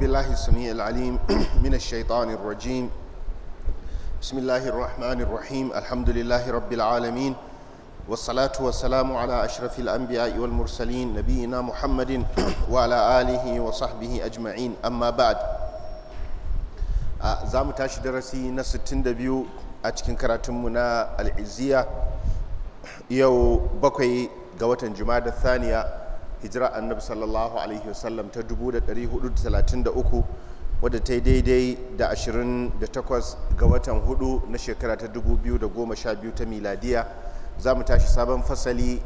بالله السميع العليم من الشيطان الرجيم بسم الله الرحمن الرحيم الحمد لله رب العالمين والصلاة والسلام على أشرف الأنبياء والمرسلين نبينا محمد وعلى آله وصحبه أجمعين أما بعد زام تاش درسي نستن دبيو أتكن كراتمنا العزية يو بقي قوة جماد الثانية hijira annabi sallallahu alaihi wasallam ta 433 wadda ta yi daidai da 28 ga watan hudu na shekara ta 2012 ta miladiya za mu tashi sabon fasali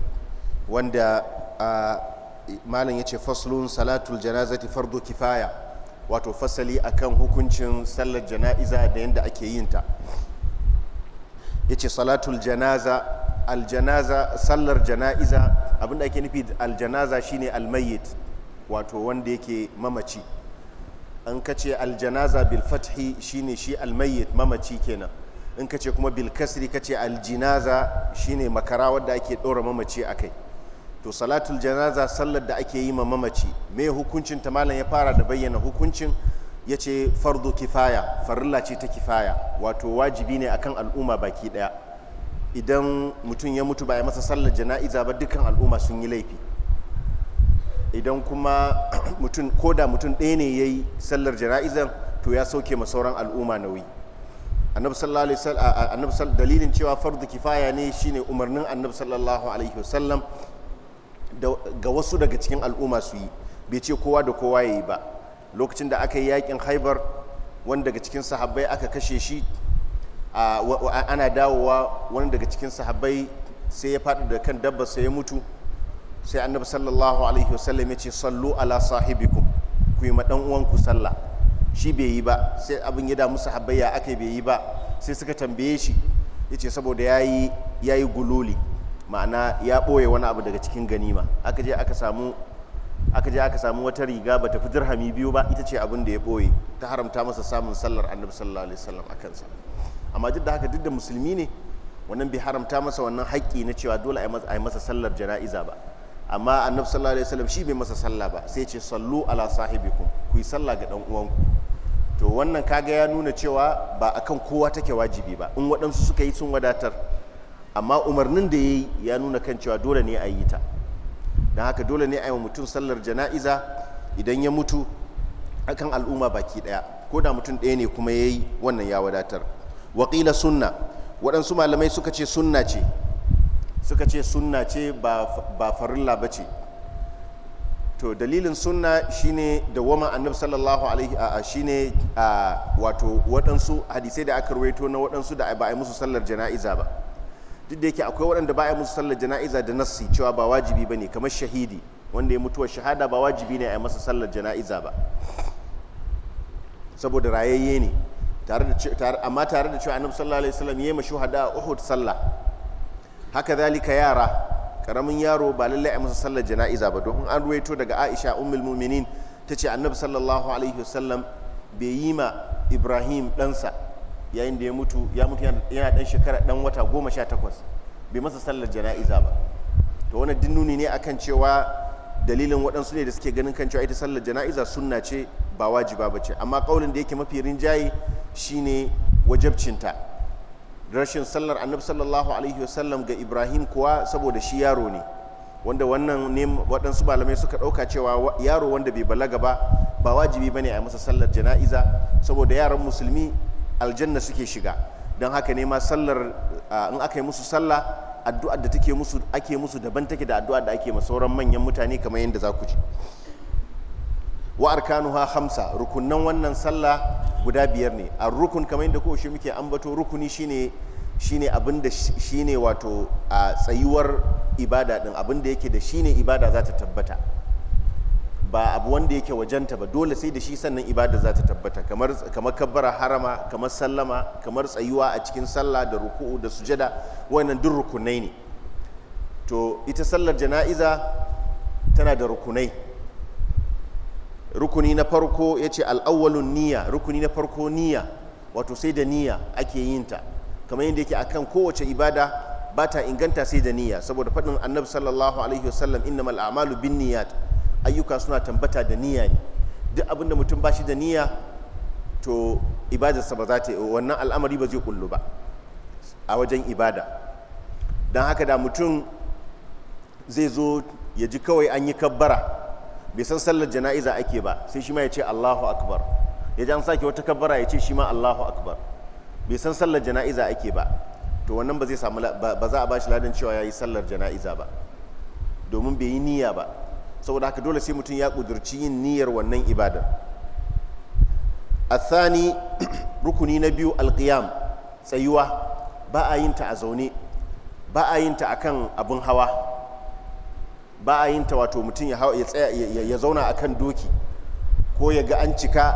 wanda malam ya ce faslun salatul janazati fardu kifaya wato fasali akan hukuncin sallar jana'iza da yadda ake yinta ya ce salatul janaza aljanaza sallar jana'iza abinda ake nufi aljanaza shine almayyit wato wanda yake mamaci an kace aljanaza bil fathi shine shi almayyit mamaci kenan in kace kuma bilkasri ka kace aljinaza shine makara wadda ake ɗora mamaci akai to salatul janaza sallar da ake yi ma mamaci me hukuncin ta malam ya fara da bayyana hukuncin yace fardu kifaya farilla ce ta kifaya wato wajibi ne akan al'umma baki ɗaya. idan mutum ya mutu ba ya masa sallar jana'iza ba dukkan al'umma sun yi laifi idan kuma mutum ko da mutum ɗaya ne ya yi sallar jana'izan to ya sauke ma sauran al'umma nauyi annabi dalilin cewa fardu kifaya ne shine umarnin annabi sallallahu alaihi wasallam ga wasu daga cikin al'umma su yi bai ce kowa da kowa ya yi ba lokacin da aka yi yakin haibar wanda daga cikin sahabbai aka kashe shi ana dawowa wani daga cikin sahabbai sai ya faɗi da kan dabba sai ya mutu sai annabi sallallahu alaihi wasallam ya ce sallu ala sahibikum ku yi ma dan uwanku sallah shi bai yi ba sai abin ya damu sahabbai ya aka bai yi ba sai suka tambaye shi ya ce saboda yayi yayi gululi ma'ana ya ɓoye wani abu daga cikin ganima aka je aka samu aka je aka samu wata riga ba ta fi dirhami biyu ba ita ce abin da ya ɓoye ta haramta masa samun sallar annabi sallallahu alaihi wasallam a kansa amma duk da haka duk da musulmi ne wannan bai haramta masa wannan haƙƙi na cewa dole a yi masa sallar jana'iza ba amma annabi sallallahu alaihi wasallam shi bai masa sallah ba sai ce sallu ala sahibikum ku yi sallah ga dan uwanku to wannan kaga ya nuna cewa ba akan kowa take wajibi ba in waɗansu suka yi sun wadatar amma umarnin da yayi ya nuna kan cewa dole ne a yi ta don haka dole ne a yi wa mutum sallar jana'iza idan ya mutu akan al'umma baki ɗaya ko da mutum ɗaya ne kuma ya yi wannan ya wadatar waƙila sunna waɗansu malamai suka ce sunna ce suka ce sunna ce ba farilla ba ce to dalilin sunna shine da wama annab sallallahu alaihi a shine a wato waɗansu hadisai da aka rawaito na waɗansu da ba a yi musu sallar jana'iza ba duk da yake akwai waɗanda ba a yi musu sallar jana'iza da nassi cewa ba wajibi ba ne kamar shahidi wanda ya mutuwa shahada ba wajibi ne a yi masa sallar jana'iza ba saboda rayayye ne amma tare da cewa annabi sallallahu alaihi wasallam yayi shuhada a Uhud sallah haka zalika yara karamin yaro ba lallai a masa sallar jana'iza ba don an ruwaito daga Aisha ummul mu'minin tace annabi sallallahu alaihi wasallam bai yi ma Ibrahim ɗansa yayin da ya mutu ya mutu yana dan shekara dan wata goma sha takwas bai masa sallar jana'iza ba to wannan dinnuni ne akan cewa dalilin waɗansu ne da suke ganin kan cewa ita sallar jana'iza sunna ce ba wajiba ba ce amma kaulin da yake mafi rinjaye shine wajabcinta rashin sallar annab sallallahu alaihi wasallam ga ibrahim kuwa saboda shi yaro ne wanda wannan ne waɗansu malamai suka ɗauka cewa yaro wanda bai balaga ba ba wajibi ba ne a masa sallar jana'iza saboda yaran musulmi aljanna suke shiga don haka ne ma sallar in aka yi musu sallah addu'ar da take musu ake musu daban take da addu'ar da ake ma sauran manyan mutane kamar yadda za ku ji wa arkanuha hamsa rukunan wannan sallah guda biyar ne a rukun kamar yadda kowace muke ambato rukuni shine shine abin da shine wato a tsayuwar ibada din abinda yake da shine ibada za ta tabbata ba abu wanda yake wajenta ba dole sai da shi sannan ibada za ta tabbata kamar kamar kabbara harama kamar sallama kamar tsayuwa a cikin sallah da ruku'u da sujada wannan duk rukunai ne to ita sallar jana'iza tana da rukunai rukuni na farko yace al-awwalun niyya rukuni na farko niyya wato sai da niyya ake yin ta kamar yadda yake akan kowace ibada ba ta inganta sai da niyya saboda faɗin annabi sallallahu alaihi wasallam innamal a'malu binniyat ayyuka suna tambata da niyya ne duk abin da mutum ba shi da niyya to ibadarsa ba za ta yi wannan al'amari ba zai kullu ba a wajen ibada don haka da mutum zai zo ya ji kawai an yi kabbara bai san sallar jana'iza ake ba sai shi ma ya ce allahu akbar ya ji an sake wata kabbara ya ce shi ma allahu akbar bai san sallar jana'iza ake ba to wannan ba zai samu ba za a ba shi ladan cewa ya yi sallar jana'iza ba domin bai yi niyya ba saboda haka dole sai mutum ya kudurci yin niyyar wannan ibadar sani rukuni na biyu alqiyam tsayuwa ba a yin ta a zaune ba a yin ta akan abun hawa ba a yin ta wato mutum ya tsaya ya zauna akan doki ko ya ga an cika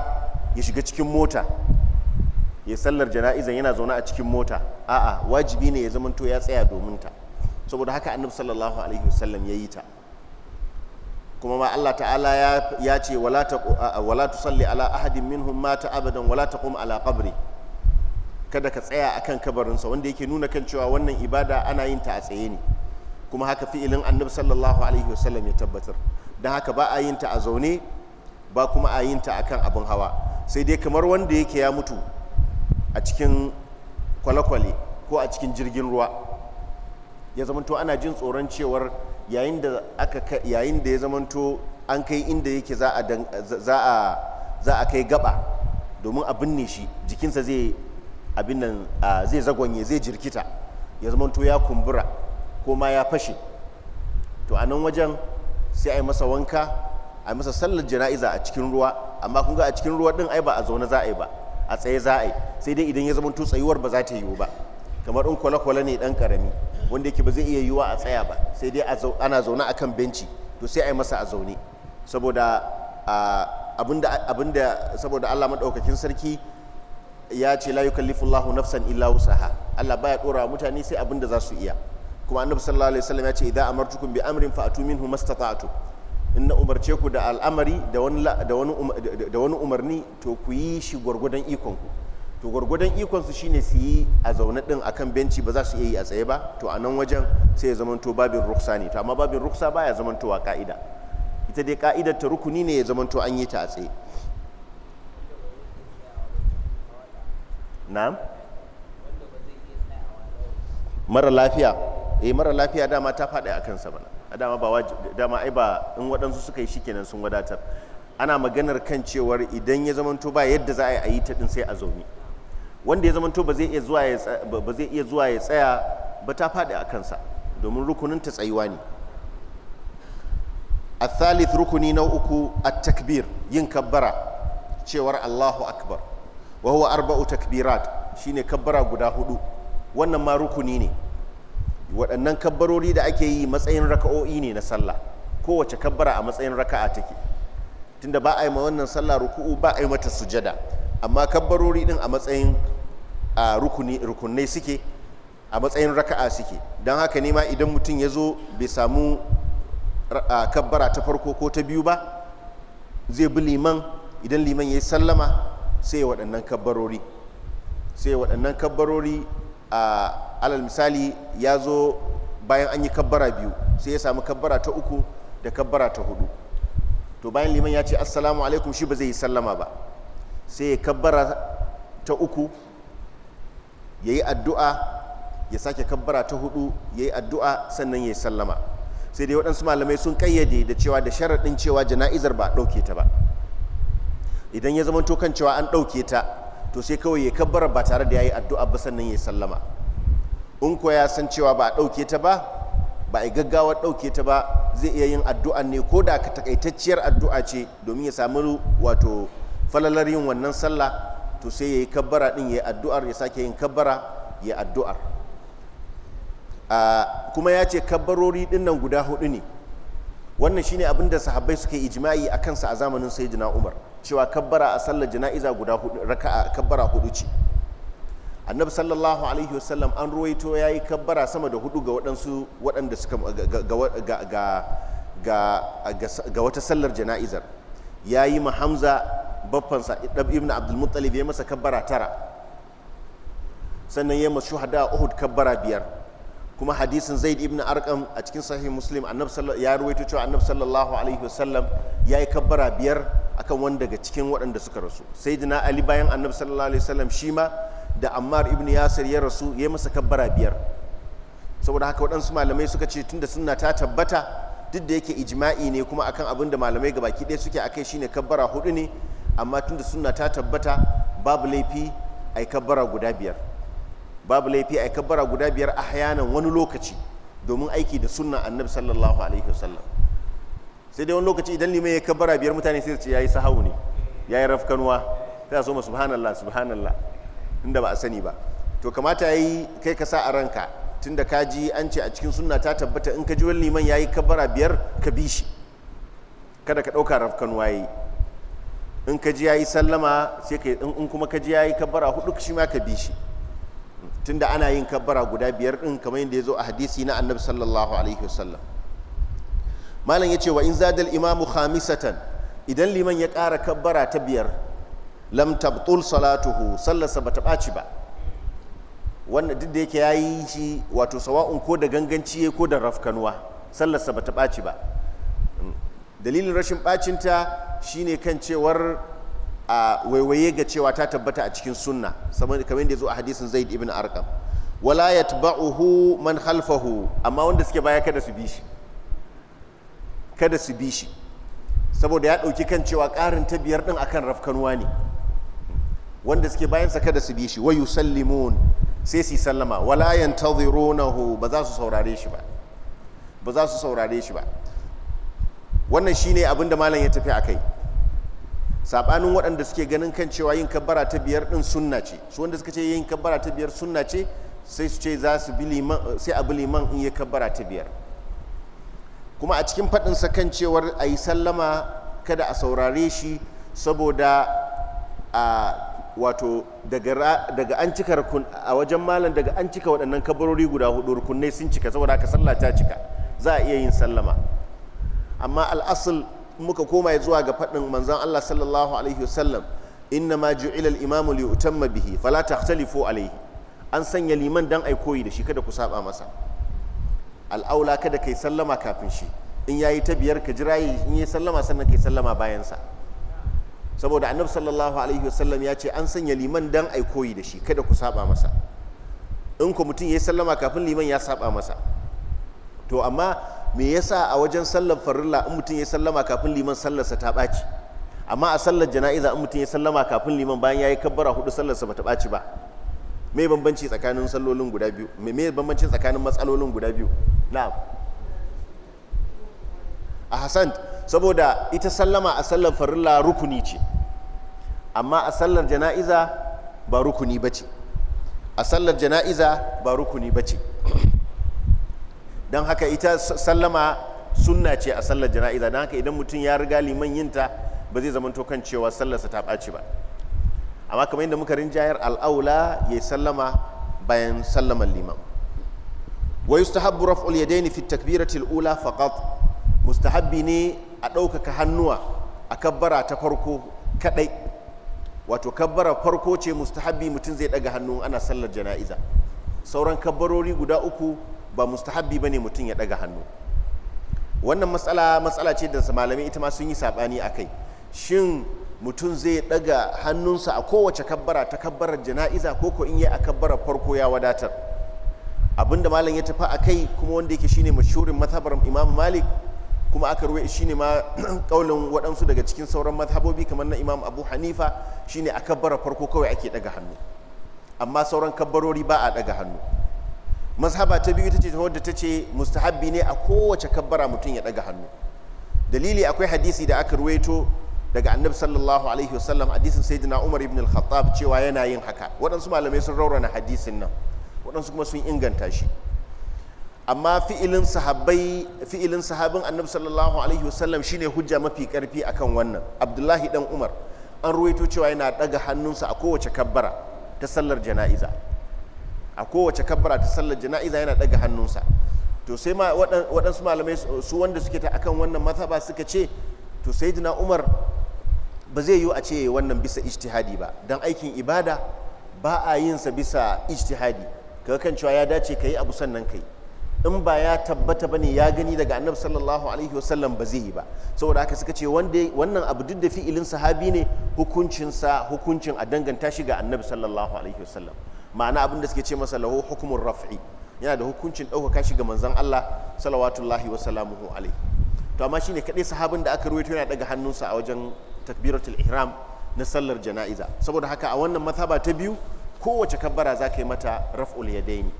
ya shiga cikin mota ya sallar jana'izan yana zaune a cikin mota a'a wajibi ne ya zamanto ya tsaya domin ta saboda haka annabi sallallahu alaihi wasallam ya yi ta kuma ma Allah ta'ala ya ce wala tusalli ala ahadin minhum mata abadan wala taqum ala qabri kada ka tsaya akan kabarinsa wanda yake nuna kan cewa wannan ibada ana yin ta a tsaye ne kuma haka fi'ilin annabi sallallahu alaihi wasallam ya tabbatar don haka ba a yin ta a zaune ba kuma a yin ta akan abin hawa sai dai kamar wanda yake ya mutu a cikin kwalekwale ko a cikin jirgin ruwa ya zama to ana jin tsoron cewar yayin da da ya zamanto an kai inda yake za a kai gaba domin a binne shi jikinsa zai abin nan zai zagonye zai jirkita ya zamanto ya kumbura ko ma ya fashe to a nan wajen sai a yi masa wanka a yi masa sallar jana'iza a cikin ruwa amma kun a cikin ruwa din ai ba a zaune za a ba a tsaye za yi sai dai idan ya zamanto tsayuwar ba za ta yiwu ba kamar in kwale-kwale ne dan karami wanda yake ba zai iya yiwa a tsaya ba sai dai ana zaune a kan benci to sai a yi masa a zaune saboda abinda saboda allah maɗaukakin sarki ya ce la yukallifullahu nafsan illa wusaha allah baya ɗora mutane sai abinda za su iya kuma annabi sallallahu alaihi wasallam ya ce idan amartukum bi amrin fa'atu minhu mastata'tu in na umarce ku da al'amari um, da wani umarni to ku yi shi gwargwadon ikonku to gwargwadon ikonsu shine su yi a zaune din akan benci ba za su iya yi a tsaye ba to a nan wajen sai ya zamanto babin ruksa ne to amma babin ruksa baya zamantowa ka'ida ita dai ka'idar ta rukuni ne ya zamanto an yi ta a tsaye na'am mara lafiya eh mara lafiya dama ta faɗi a kansa bana dama ba dama ai ba in waɗansu suka yi shikenan sun wadatar ana maganar kan cewar idan ya zamanto ba yadda za a yi a yi ta ɗin sai a zaune wanda ya zamanto ba zai iya zuwa ya ba zai iya zuwa ya tsaya ba ta faɗi a kansa domin rukunin ta tsayuwa ne a rukuni uku a takbir yin kabbara cewar Allahu akbar wa huwa arba'u takbirat shine kabbara guda hudu wannan ma rukuni ne waɗannan kabbarori da ake yi matsayin raka'o'i ne na sallah kowace kabbara a matsayin raka'a take tunda ba a yi ma wannan sallah ruku'u ba a yi mata sujada amma kabbarori din a matsayin a rukunai suke a matsayin raka'a suke don haka ma idan mutum ya zo bai samu kabbara ta farko ko ta biyu ba zai bi liman idan liman ya yi sallama sai waɗannan kabbarori sai waɗannan kabbarori a alal misali ya zo bayan an yi kabbara biyu sai ya samu kabbara ta uku da kabbara ta hudu to bayan liman ya ce assalamu alaikum shi ba zai yi sallama ba sai ya kabbara ta uku ya yi addu'a ya sake kabbara ta hudu ya yi addu'a sannan ya yi sallama sai dai waɗansu malamai sun kayyade da cewa da sharaɗin cewa jana'izar ba a ɗauke ta ba idan ya zama kan cewa an ɗauke ta to sai kawai ya kabbara ba tare da ya yi addu'a ba sannan ya yi sallama in ko ya san cewa ba a ɗauke ta ba ba a gaggawa ɗauke ta ba zai iya yin addu'a ne ko da takaitacciyar addu'a ce domin ya samu wato falalar yin wannan sallah to sai ya yi kabbara din ya yi addu'ar ya sake yin kabbara ya addu'ar kuma ya ce kabbarori ɗin nan guda hudu ne wannan shine abin da sahabbai suke ijma'i a kansa a zamanin sayyidina umar cewa kabbara a sallar jana'iza guda hudu raka'a kabbara hudu ce annabi sallallahu alaihi wasallam an ruwaito ya yi kabbara sama da hudu ga ga wata sallar jana'izar ya yi ma hamza baffansa ibn abdulmuttalib ya masa kabbara tara sannan ya masu shuhada uhud kabbara biyar kuma hadisin zaid ibn arkam a cikin sahih muslim ya ruwaito cewa annab sallallahu alaihi wasallam ya yi kabbara biyar akan wani daga cikin waɗanda suka rasu sayyidina ali bayan annab sallallahu alaihi wasallam shi ma da ammar ibn yasir ya rasu ya masa kabbara biyar saboda haka waɗansu malamai suka ce tunda suna ta tabbata duk da yake ijma'i ne kuma akan abin da malamai gabaki ɗaya suke akai shine kabbara hudu ne amma tunda sunna ta tabbata babu laifi ai kabbara guda biyar babu laifi ai kabbara guda biyar a hayanan wani lokaci domin aiki da sunna annabi sallallahu alaihi wasallam sai dai wani lokaci idan limai ya kabbara biyar mutane sai su ce yayi sahau ne yayi rafkanwa sai so ma subhanallah subhanallah inda ba a sani ba to kamata yayi kai ka sa a ranka tunda ka ji an ce a cikin sunna ta tabbata in ka ji wani liman yayi kabara biyar ka bi shi kada ka ɗauka rafkan waye in ka ji yayi sallama sai ka in kuma ka ji yayi kabara hudu shi ma ka bi shi tunda ana yin kabara guda biyar din kamar yadda ya zo a hadisi na annabi sallallahu alaihi wasallam malam yace wa in zadal imamu khamisatan idan liman ya ƙara kabara ta biyar lam tabtul salatuhu sallarsa bata ɓaci ba wannan duk da yake yayi yi shi wato sawa'un ko da ganganci ko da rafkanuwa sallarsa ba ta ɓaci ba mm. dalilin rashin ɓacinta shine kan cewar a waiwaye ga cewa ta tabbata a cikin sunna kamar yadda zo a hadisin zaid ibn arkam wala yatba'uhu man khalfahu amma wanda suke baya kada su bi shi kada su bi shi saboda ya ɗauki kan cewa karin ta biyar ɗin akan rafkanuwa ne wanda suke bayan sa kada su bi shi wayu sallimun sai su sallama wala yantazirunahu ba za su saurare shi ba ba za su saurare shi ba wannan shine abinda malam ya tafi akai sabanin waɗanda suke ganin kan cewa yin kabbara ta biyar din sunna ce su wanda suka ce yin kabbara ta biyar sunna ce sai su ce za su bi liman sai a bi liman in ya kabbara ta biyar kuma a cikin faɗinsa kan cewar a yi sallama kada a saurare shi saboda a wato daga an cika a wajen malam daga an cika waɗannan kabarori guda hudu rukunai sun cika saboda haka sallah ta cika za a iya yin sallama amma al'asul muka koma zuwa ga faɗin manzon Allah sallallahu alaihi wasallam inna ma ju'ila al-imamu li utamma bihi fala tahtalifu alaihi an sanya liman dan ai koyi da shi kada ku saba masa al'aula kada kai sallama kafin shi in yayi ta biyar ka jira in yi sallama sannan kai sallama bayansa. saboda annabi sallallahu alaihi wasallam ya ce an sanya liman dan ai koyi da shi kada ku saba masa in ku mutum yayi sallama kafin liman ya saba masa to amma me yasa a wajen sallar farilla in mutum yayi sallama kafin liman sallarsa ta ɓaci amma a sallar jana'iza in mutum yayi sallama kafin liman bayan yayi kabbara hudu sallarsa bata ɓaci ba me bambanci tsakanin sallolin guda biyu me bambanci tsakanin matsalolin guda biyu na'am a hasan saboda ita sallama a sallar farilla rukuni ce amma a sallar jana'iza ba rukuni ba ce a sallar jana'iza ba rukuni ba ce don haka ita sallama sunna ce a sallar jana'iza don haka idan mutum ya riga liman yinta ba zai zamanto kan cewa sallarsa ta ɓaci ba amma kamar yadda muka rinjayar al'aula ya yi sallama bayan sallamar liman wa yustahabbu raf'ul yadaini fi takbiratil ula faqat mustahabbi ne a ɗaukaka hannuwa a kabbara ta farko kaɗai wato kabbara farko ce mustahabbi mutum zai ɗaga hannu ana sallar jana'iza sauran kabbarori guda uku ba mustahabbi ba ne mutum ya ɗaga hannu wannan matsala matsala ce da malamai ita ma sun yi saɓani a kai shin mutum zai ɗaga hannunsa a kowace kabbara ta kabbarar jana'iza ko ko in yi a kabbarar farko ya wadatar abinda malam ya tafi a kai kuma wanda yake shine mashurin mazhabar imam malik kuma aka ruwa shi ne ma kaulin waɗansu daga cikin sauran mazhabobi kamar na imam abu hanifa shi ne a kabbara farko kawai ake ɗaga hannu amma sauran kabbarori ba a ɗaga hannu mazhaba ta biyu ta ce wadda ta ce mustahabbi ne a kowace kabbara mutum ya ɗaga hannu dalili akwai hadisi da aka ruwaito daga annabi sallallahu alaihi wasallam hadisin sayyidina umar ibn al-khattab cewa yana yin haka waɗansu malamai sun raurana hadisin nan waɗansu kuma sun inganta shi amma fi'ilin sahabbai fi'ilin sahabin annabi sallallahu alaihi wasallam shine hujja mafi karfi akan wannan abdullahi dan umar an ruwaito cewa yana daga hannunsa a kowace kabbara ta sallar jana'iza a kowace kabbara ta sallar jana'iza yana daga hannunsa to sai ma waɗansu malamai su wanda suke ta akan wannan mazhaba suka ce to sayyidina umar ba zai yiwu a ce wannan bisa ijtihadi ba dan aikin ibada ba a yin sa bisa ijtihadi kaga kan cewa ya dace kai abu sannan kai in ba ya tabbata ba ne ya gani daga annabi sallallahu alaihi wasallam ba zai yi ba saboda haka suka ce wannan abu duk da fi'ilin sahabi ne hukuncinsa hukuncin a danganta shi ga annabi sallallahu alaihi wasallam ma'ana abin da suke ce masa lahu hukumun raf'i yana da hukuncin ɗaukaka shi ga manzon Allah salawatullahi wasalamuhu alaihi to amma shine kadai sahabin da aka ruwaito yana daga hannunsa a wajen takbiratul ihram na sallar jana'iza saboda haka a wannan mazhaba ta biyu kowace kabbara za ka yi mata raf'ul yadaini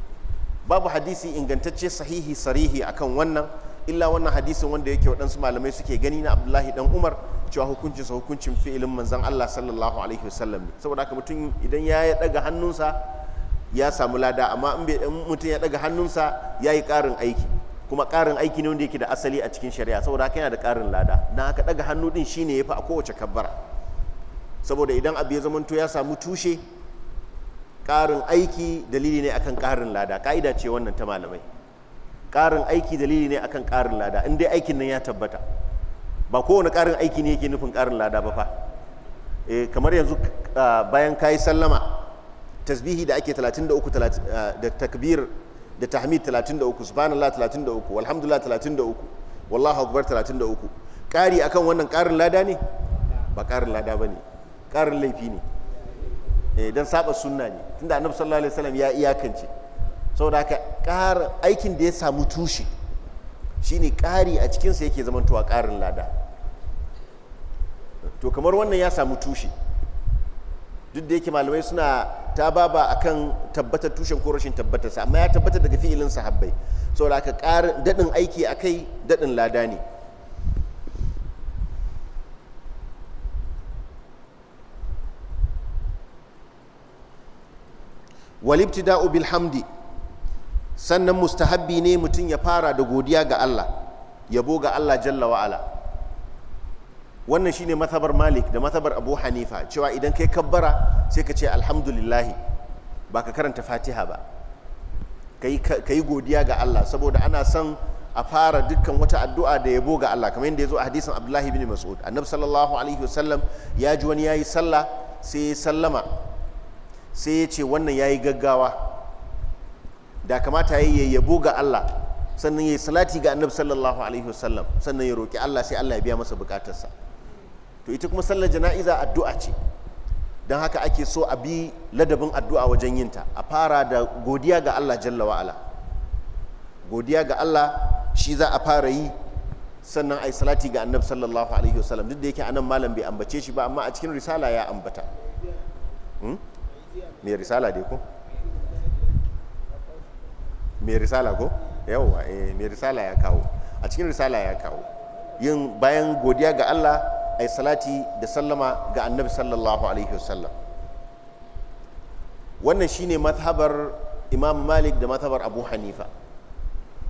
babu hadisi ingantacce sahihi sarihi akan wannan illa wannan hadisin wanda yake waɗansu malamai suke gani na abdullahi dan umar cewa hukuncin sa hukuncin fi'ilin manzan Allah sallallahu alaihi wasallam ne saboda haka mutum idan ya daga hannunsa ya samu lada amma in mutum ya daga hannunsa ya yi ƙarin aiki kuma ƙarin aiki ne wanda yake da asali a cikin shari'a saboda haka yana da ƙarin lada na haka daga hannu din shine ya fi a kowace kabbara saboda idan abu ya zamanto ya samu tushe ƙarin aiki dalili ne akan ƙarin lada ka'ida ce wannan ta malamai ƙarin aiki dalili ne akan ƙarin lada in dai aikin nan ya tabbata ba kowane ƙarin aiki ne yake nufin ƙarin lada ba fa e, kamar yanzu bayan kayi sallama tasbihi da ake 33 da takbir da tahmid 33 subhanallah 33 walhamdulillah 33 wallahu akbar 33 ƙari akan wannan ƙarin lada ne ba ƙarin lada ba ne ƙarin laifi ne Eh, don saba sunna ne tunda annabi sallallahu alaihi wasallam ya iyakance saboda haka ƙara aikin da ya samu tushe shine ƙari a cikinsa yake tuwa ƙarin lada to kamar wannan ya samu tushe duk da yake malamai suna ta baba kan tabbatar tushen ko rashin tabbatarsa amma ya tabbatar daga fi'ilin sahabbai saboda haka ƙarin daɗin aiki akai daɗin lada ne walibtida'u bilhamdi hamdi sannan mustahabbi ne mutum ya fara da godiya ga Allah yabo ga Allah jalla wa'ala wannan shine mathabar malik da mathabar abu hanifa cewa idan kai kabbara sai ka ce alhamdulillahi ba ka karanta fatiha ba ka yi godiya ga Allah saboda ana son a fara dukkan wata addu'a da yabo ga Allah kamar yadda ya zo a hadisin abdullahi bin mas'ud annabi sallallahu alaihi wasallam ya ji wani ya yi sallah sai ya sallama sai ya ce wannan ya yi gaggawa da kamata ya yi yabo ga Allah sannan ya yi salati ga annabi sallallahu alaihi wasallam sannan ya roƙi Allah sai Allah ya biya masa bukatarsa to ita kuma sallar jana'iza addu'a ce don haka ake so a bi ladabin addu'a wajen yinta a fara da godiya ga Allah jalla wa'ala godiya ga Allah shi za a fara yi sannan ai salati ga annabi sallallahu alaihi wasallam duk da yake anan malam bai ambace shi ba amma a cikin risala ya ambata hmm? mai risala dai ko mai risala ko yawwa eh mai risala ya kawo a cikin risala ya kawo yin bayan godiya ga Allah ay salati da sallama ga annabi sallallahu alaihi wasallam wannan shine mazhabar imam malik da mazhabar abu hanifa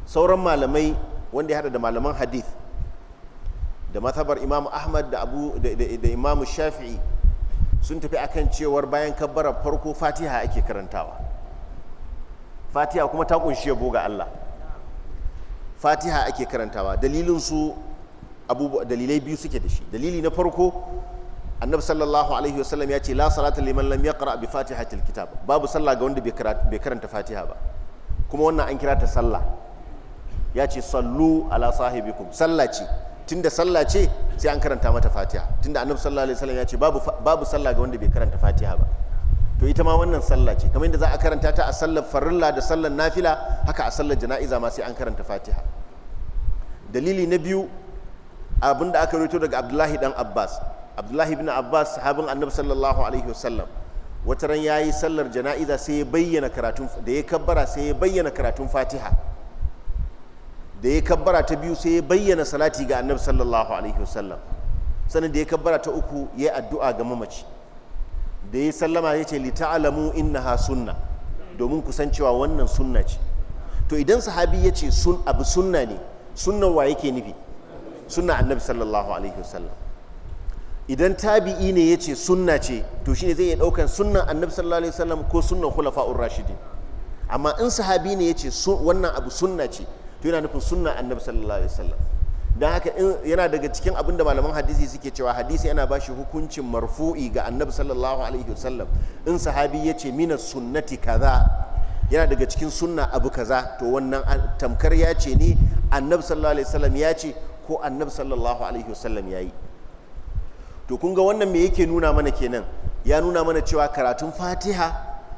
sauran malamai wanda ya hada da malaman hadith da mazhabar imam ahmad da abu da imam shafi'i sun tafi akan cewar bayan kabbarar farko fatiha ake karantawa fatiha kuma ta kunshi yabo ga Allah fatiha ake karantawa dalilin su dalilai biyu suke da shi dalili na farko annabi sallallahu alaihi wasallam ya ce la salata liman lam yaqra bi fatihatil kitab babu sallah ga wanda bai karanta fatiha ba kuma wannan an kira ta sallah ya ce sallu ala sahibikum sallah ce tunda sallah ce sai an karanta mata fatiha tunda annabi sallallahu alaihi wasallam ya ce babu babu sallah ga wanda bai karanta fatiha ba to ita ma wannan sallah ce kamar yadda za a karanta ta a sallar farilla da sallar nafila haka a sallar jana'iza ma sai an karanta fatiha dalili na biyu abin da aka rito daga abdullahi dan abbas abdullahi bin abbas sahabin annabi sallallahu alaihi wasallam wata ran ya sallar jana'iza sai ya bayyana karatun da ya kabbara sai ya bayyana karatun fatiha da ya kabbara ta biyu sai ya bayyana salati ga annabi sallallahu alaihi wasallam sannan da ya kabbara ta uku ya yi addu'a ga mamaci da ya sallama ya ce li ta'alamu innaha sunna domin san cewa wannan sunna ce to idan sahabi ya ce sun abu sunna ne sunnan wa yake nufi sunna annabi sallallahu alaihi wasallam idan tabi'i ne ya ce sunna ce to shine zai iya daukan sunnan annabi sallallahu alaihi wasallam ko sunnan khulafa'ur rashidin amma in sahabi ne ya ce wannan abu sunna ce to yana nufin sunna annabi sallallahu alaihi wasallam don haka yana daga cikin abin da malaman hadisi suke cewa hadisi yana ba shi hukuncin marfu'i ga annabi sallallahu alaihi wasallam in sahabi ya ce mina sunnati kaza yana daga cikin sunna abu kaza to wannan tamkar ya ce ni annabi sallallahu alaihi wasallam ya ce ko annabi sallallahu alaihi wasallam ya yi to kun ga wannan me yake nuna mana kenan ya nuna mana cewa karatun fatiha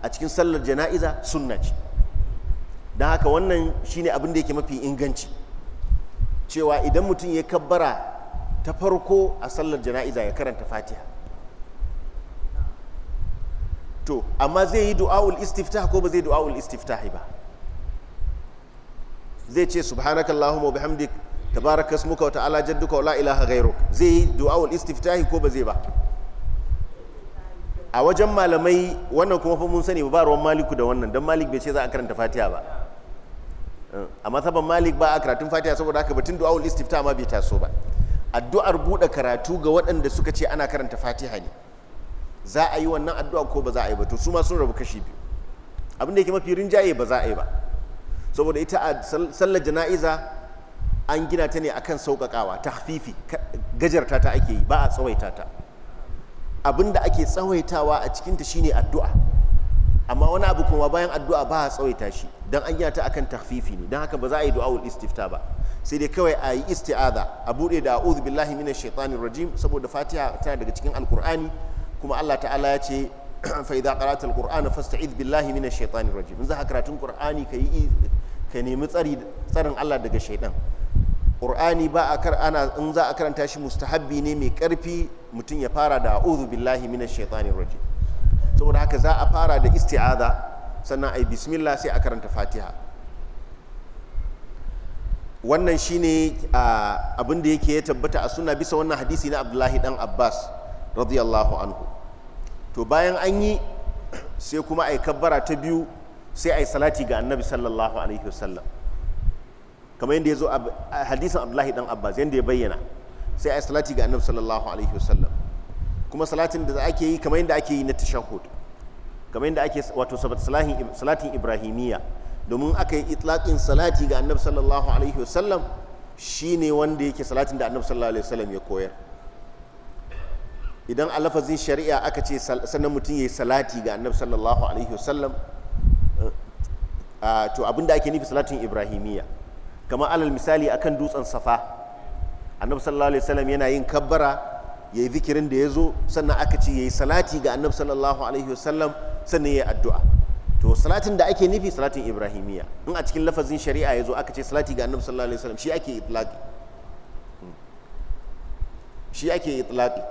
a cikin sallar jana'iza sunna ce don haka wannan shine abin da yake mafi inganci cewa idan mutum ya kabbara ta farko a sallar jana'iza ya karanta fatiha to amma zai yi du'a'ul istiftah ko ba zai du'a'ul istiftahi ba zai ce subhanakallahumma wa bihamdik tabaraka ismuka wa ta'ala jadduka wa la ilaha ghayruk zai yi du'a'ul istiftahi ko ba zai ba a wajen malamai wannan kuma fa mun sani ba ruwan maliku da wannan dan malik bai ce za a karanta fatiha ba a mazhaban malik ba a karatun fatiha saboda haka batun du'a'ul istifta ma bai taso ba addu'ar buɗe karatu ga waɗanda suka ce ana karanta fatiha ne za a yi wannan addu'a ko ba za a yi ba to su ma sun rabu kashi biyu abin da yake mafi rinjaye ba za a yi ba saboda ita a sallar jana'iza an gina ta ne akan sauƙaƙawa ta hafifi gajarta ta ake yi ba a tsawaita ta abin da ake tsawaitawa a cikinta shine addu'a amma wani abu kuma bayan addu'a ba a tsawaita shi dan an yata akan takfifi ne dan haka ba za a yi du'a'ul istifta ba sai dai kawai a yi isti'aza a bude da a'udhu billahi minash shaitanir rajim saboda fatiha tana daga cikin alqur'ani kuma Allah ta'ala ya ce fa idza qara'ta alqur'ana fasta'id billahi minash shaitanir rajim in za ka karatun qur'ani ka yi ka nemi tsari tsarin Allah daga shaitan qur'ani ba a kar ana in za a karanta shi mustahabbi ne mai karfi mutum ya fara da a'udhu billahi minash shaitanir rajim saboda haka za a fara da isti'aza sannan ai bismillah sai a karanta fatiha wannan shine abin da yake ya tabbata a suna bisa wannan hadisi na abdullahi dan abbas radiyallahu anhu to bayan an yi sai kuma ai kabbara ta biyu sai ai salati ga annabi sallallahu alaihi wasallam kamar yadda ya zo a hadisin abdullahi dan abbas yadda ya bayyana sai ai salati ga annabi sallallahu alaihi wasallam kuma salatin da ake yi kamar yadda ake yi na tashahud kamar yadda ake wato salatin ibrahimiyya domin aka yi itlaƙin salati ga annabi sallallahu alaihi wasallam ne wanda yake salatin da annabi sallallahu alaihi wasallam ya koyar idan a lafazin shari'a aka ce sannan mutum ya yi salati ga annabi sallallahu alaihi wasallam eh, to abinda ake nufi salatin ibrahimiyya kamar alal misali akan dutsen safa annabi sallallahu alaihi wasallam yana yin kabbara ya yi zikirin da ya zo sannan aka ce ya yi salati ga annabi sallallahu alaihi wasallam sannan ya yi addu'a to salatin da ake nufi salatin ibrahimiya in a cikin lafazin shari'a ya zo aka ce salati ga annabi sallallahu alaihi wasallam shi ake itlaqi hmm. shi ake itlaqi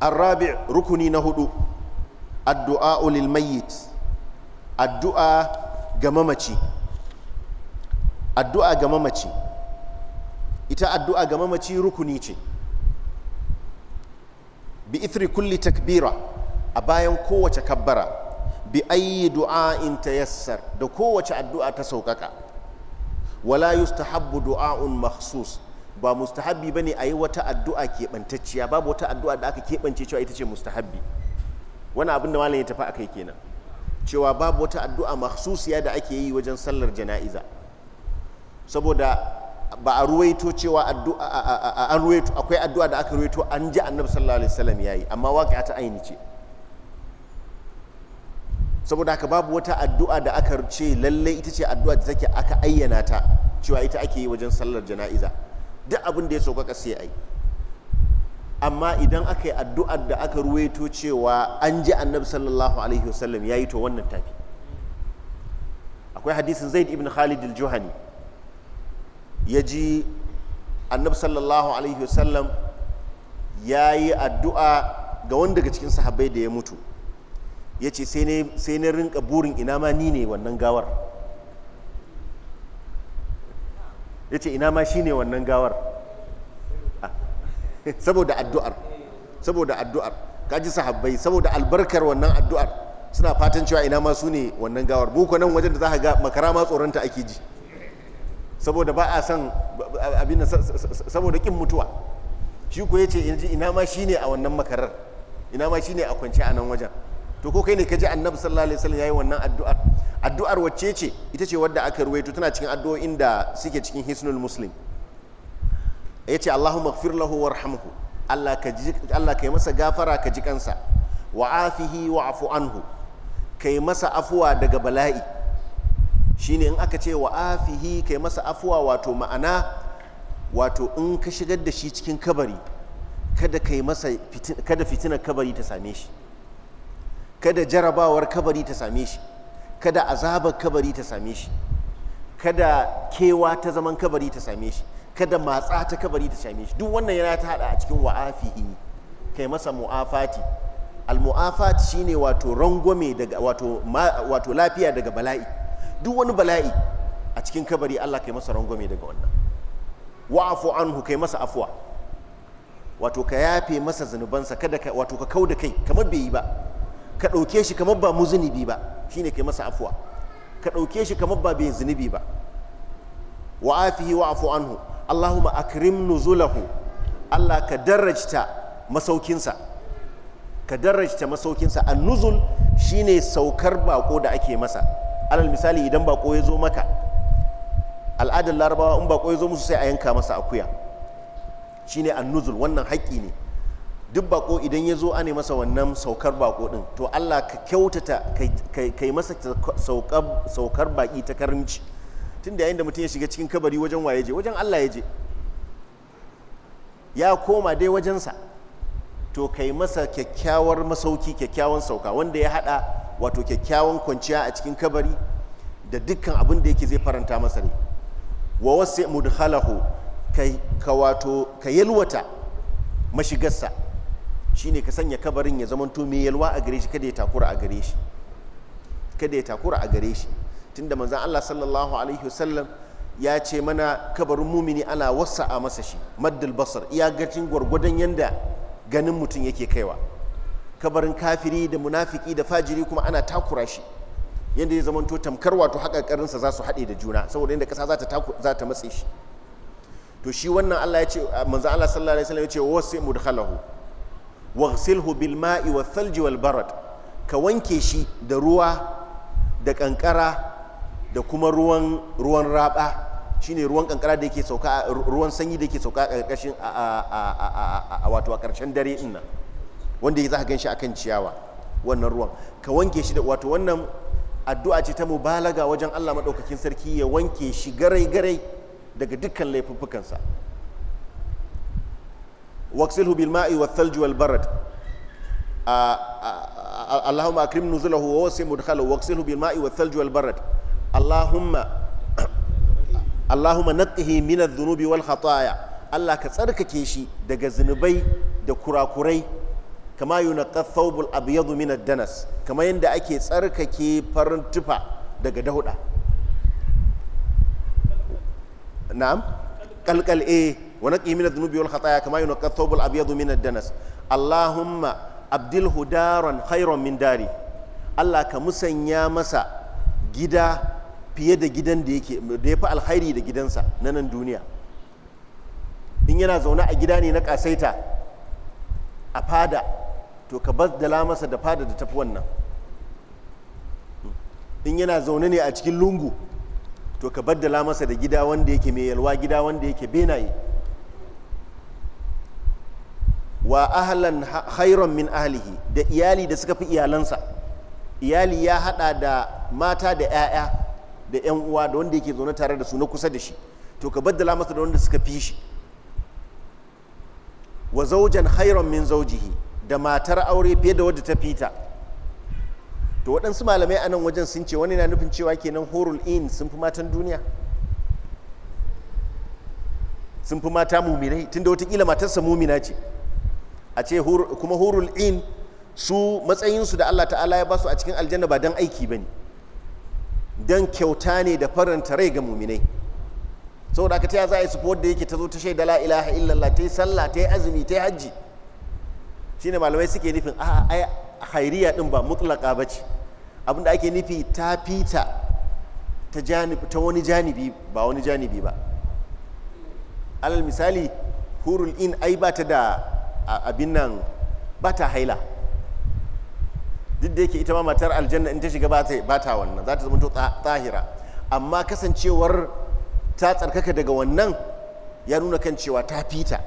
الرابع ركني نهدو الدعاء للميت الدعاء جمامتي الدعاء جمامتي ita addu'a ga mamaci rukuni ce bi ithri kulli takbira a bayan kowace kabbara bi in ta tayassar da kowace addu'a ta sauƙaƙa wala yustahabbu du'a'un makhsus ba mustahabbi bane yi wata addu'a keɓantacciya babu wata addu'a da aka keɓance cewa ita ce mustahabbi wani abin da malam ya tafi akai kenan cewa babu wata addu'a makhsusiya da ake yi wajen sallar jana'iza saboda ba a ruwaito cewa an ruwaito akwai addu'a da aka ruwaito an ji annabi sallallahu alaihi wasallam yayi amma waƙi'a ta aini ce saboda haka babu wata addu'a da aka ce lalle ita ce addu'a da take aka ayyana ta cewa ita ake yi wajen sallar jana'iza duk abin da ya sauƙaƙa sai ai amma idan aka yi addua da aka ruwaito cewa an ji annabi sallallahu alaihi wasallam yayi to wannan tafi akwai hadisin zaid ibn khalid al-juhani ya ji annabi sallallahu alaihi wasallam ya yi addu'a ga wani daga cikin sahabbai da ya mutu ya ce sai na rinka burin ina ma ni ne wannan gawar ya ce ina ma shi ne wannan gawar ah, saboda addu'ar saboda addu'ar kaji sahabbai saboda albarkar wannan addu'ar suna fatan cewa ina ma su ne wannan gawar buku nan wajen da za ka ga makara ma tsoronta ake ji saboda ba a san abin saboda kin mutuwa shi ko yace inji ina ma shine a wannan makarar ina ma shine a kwance a nan wajen to ko kai ne ka annabi sallallahu alaihi wasallam yayi wannan addu'ar addu'ar wacce ce ita ce wadda aka ruwaito tana cikin addu'o'in da suke cikin hisnul muslim yace allahumma ighfir lahu warhamhu allah ka ji allah kai masa gafara ka ji kansa wa afihi wa afu anhu kai masa afuwa daga bala'i shine in aka ce wa afihi kai masa afuwa wato ma'ana wato in ka shigar da shi cikin kabari kada kai masa kada fitinar kabari ta same shi kada jarabawar kabari ta same shi kada azabar kabari ta same shi kada kewa ta zaman kabari ta same shi kada matsa ta kabari ta same shi duk wannan yana ta hada a cikin wa'afihi kai masa mu'afati al mu'afati shine wato rangwame daga wato wato lafiya daga bala'i duk wani bala'i a cikin kabari Allah kai masa rangwame daga wannan wa'afu anhu kai masa afuwa wato ka yafe masa zunubansa kada ka wato ka kauda kai kamar bai yi ba ka ɗauke shi kamar ba zunubi ba shine kai masa afuwa ka ɗauke shi kamar ba bai zunubi ba wa'afihi wa'afu anhu Allahumma akrim nuzulahu Allah ka darajta masaukinsa ka darajta masaukinsa an nuzul shine saukar bako da ake masa alal misali idan bako ya zo maka al'adar larabawa in bako ya zo musu sai a yanka masa akuya shine annuzul wannan haƙƙi ne duk bako idan ya zo ane masa wannan saukar bako din to Allah ka kyautata kai masa saukar baki ta karimci tun da yayin da mutum ya shiga cikin kabari wajen waye je wajen Allah ya je ya koma dai wajensa to kai masa kyakkyawar masauki kyakkyawan sauka wanda ya hada wato kyakkyawan kwanciya a cikin kabari da dukkan abin da yake zai faranta masa ne wa wasu mudhalahu ka wato ka yalwata mashigarsa shine ka sanya kabarin ya zama zamanto mai yalwa a gare shi kada ya takura a gare shi kada ya takura a gare shi tunda manzon Allah sallallahu alaihi wasallam ya ce mana kabarin mumini ana wasa a masa shi maddal basar iyakacin gwargwadon yanda ganin mutum yake kaiwa kabarin kafiri da munafiki da fajiri kuma ana takura shi yadda ya zamanto tamkar wato haƙaƙarinsa za su haɗe da juna saboda yadda ƙasa za ta matse shi to shi wannan Allah ya ce manzo Allah sallallahu alaihi wasallam ya ce wasi mudkhalahu waghsilhu bil ma'i thalji wal barad ka wanke shi da ruwa da kankara da kuma ruwan ruwan raba shine ruwan kankara da yake sauka ruwan sanyi da yake sauka a a wato a ƙarshen dare din nan wanda za ka gan shi kan ciyawa wannan ruwan ka wanke shi da wato wannan addu'a ce ta mubalaga wajen Allah maɗaukakin sarki ya wanke shi garai-garai daga dukkan laifuffukansa waksilhu bil ma'i wa thalji wal barad Allahumma akrim nuzulahu wa wasi waksilhu bil ma'i wa thalji wal barad Allahumma Allahumma min adh-dhunubi wal khataaya Allah ka tsarkake shi daga zunubai da kurakurai kama yunaqqa thawbul abyadu min ad-danas kama yanda ake tsarkake farin tufa daga dauda na'am ƙalƙal eh wani naqi min adh-dhunubi wal khataaya kama yunaqqa thawbul abyadu min ad-danas allahumma abdilhu daran khairan min dari Allah ka musanya masa gida fiye da gidan da yake da ya fi alkhairi da gidansa na nan duniya in yana zaune a gida ne na kasaita a fada to ka baddala masa da fada da tafi wannan in yana zaune ne a cikin lungu to ka baddala masa da gida wanda yake mai yalwa gida wanda yake benaye wa ahlan khairan min ahlihi da iyali da suka fi iyalansa iyali ya hada da mata da 'ya'ya da 'yan uwa da wanda yake zaune tare da su na kusa da shi to ka baddala masa da wanda suka fi shi wa zaujan khairan min zaujihi da matar aure fiye da wadda ta fita to waɗansu malamai a nan wajen sun ce wani na nufin cewa kenan horul in sun fi matan duniya sun fi mata muminai tunda watakila matarsa mumina ce a ce kuma horul in su matsayinsu da allah ta'ala ya basu a cikin aljanna ba don aiki ba ne don kyauta ne da faranta rai ga muminai saboda aka ta za a yi su wadda yake ta zo ta shaida la ilaha illallah ta yi sallah ta yi azumi ta yi hajji shine malamai suke nufin a ai hairiya din ba mutlaka ba ce abinda ake nufi ta fita ta janibi ta wani janibi ba wani janibi ba alal misali hurul in ai ba ta da abin nan ba ta haila duk da yake ita ma matar aljanna in ta shiga ba ta wannan za ta zama tsahira amma kasancewar ta tsarkaka daga wannan ya nuna kan cewa ta fita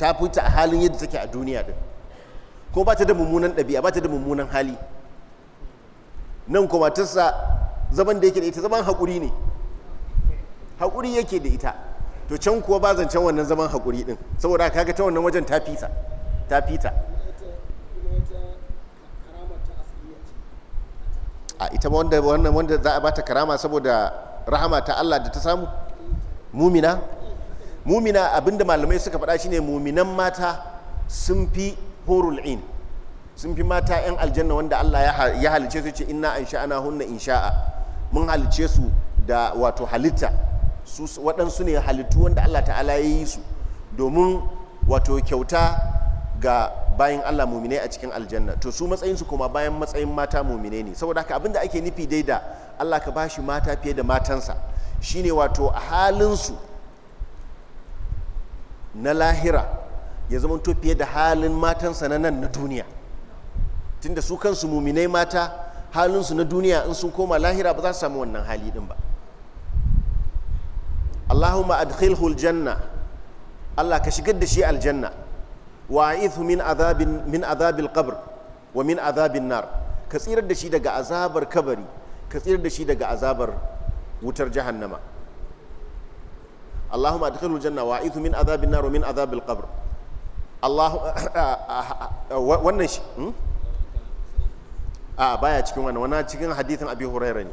ta fita a halin yadda take a duniya din ko ba ta da mummunan ɗabi'a ba ta da mummunan hali nan kuma sa zaman da yake da ita zaman haƙuri ne haƙuri yake da ita to can kuwa ba zancen wannan zaman haƙuri ɗin saboda kaga ta wannan wajen ta fita ta fita a ita wanda wannan wanda za a bata karama saboda rahama ta Allah da ta samu mumina mumina abinda malamai suka faɗa shine muminan mata sun fi hurul in sun fi mata 'yan aljanna wanda Allah ya halice su ce ina an sha'ana hunna in sha'a mun halice su da wato halitta waɗansu ne halittu wanda Allah ta'ala ya yi su domin wato kyauta ga bayan Allah muminai a cikin aljanna to su matsayinsu kuma bayan matsayin mata muminai ne saboda haka abinda ake nufi dai da Allah ka bashi mata fiye da matansa shine wato a halinsu na lahira ya zama to fiye da halin matansa na nan na duniya tunda su kansu muminai mata halinsu na duniya in sun koma lahira ba za su samu wannan hali din ba Allahumma adkhilhu aljanna Allah ka shigar da shi aljanna wa a'idhu min azabin min azabil qabr wa min azabin nar ka tsirar da shi daga azabar kabari ka tsirar da shi daga azabar wutar jahannama Allahumma adkhilhu aljanna wa a'idhu min azabin nar wa min azabil qabr Allah uh, uh, uh, wannan shi hmm? a ah, baya cikin wannan wannan cikin hadithin abi huraira ne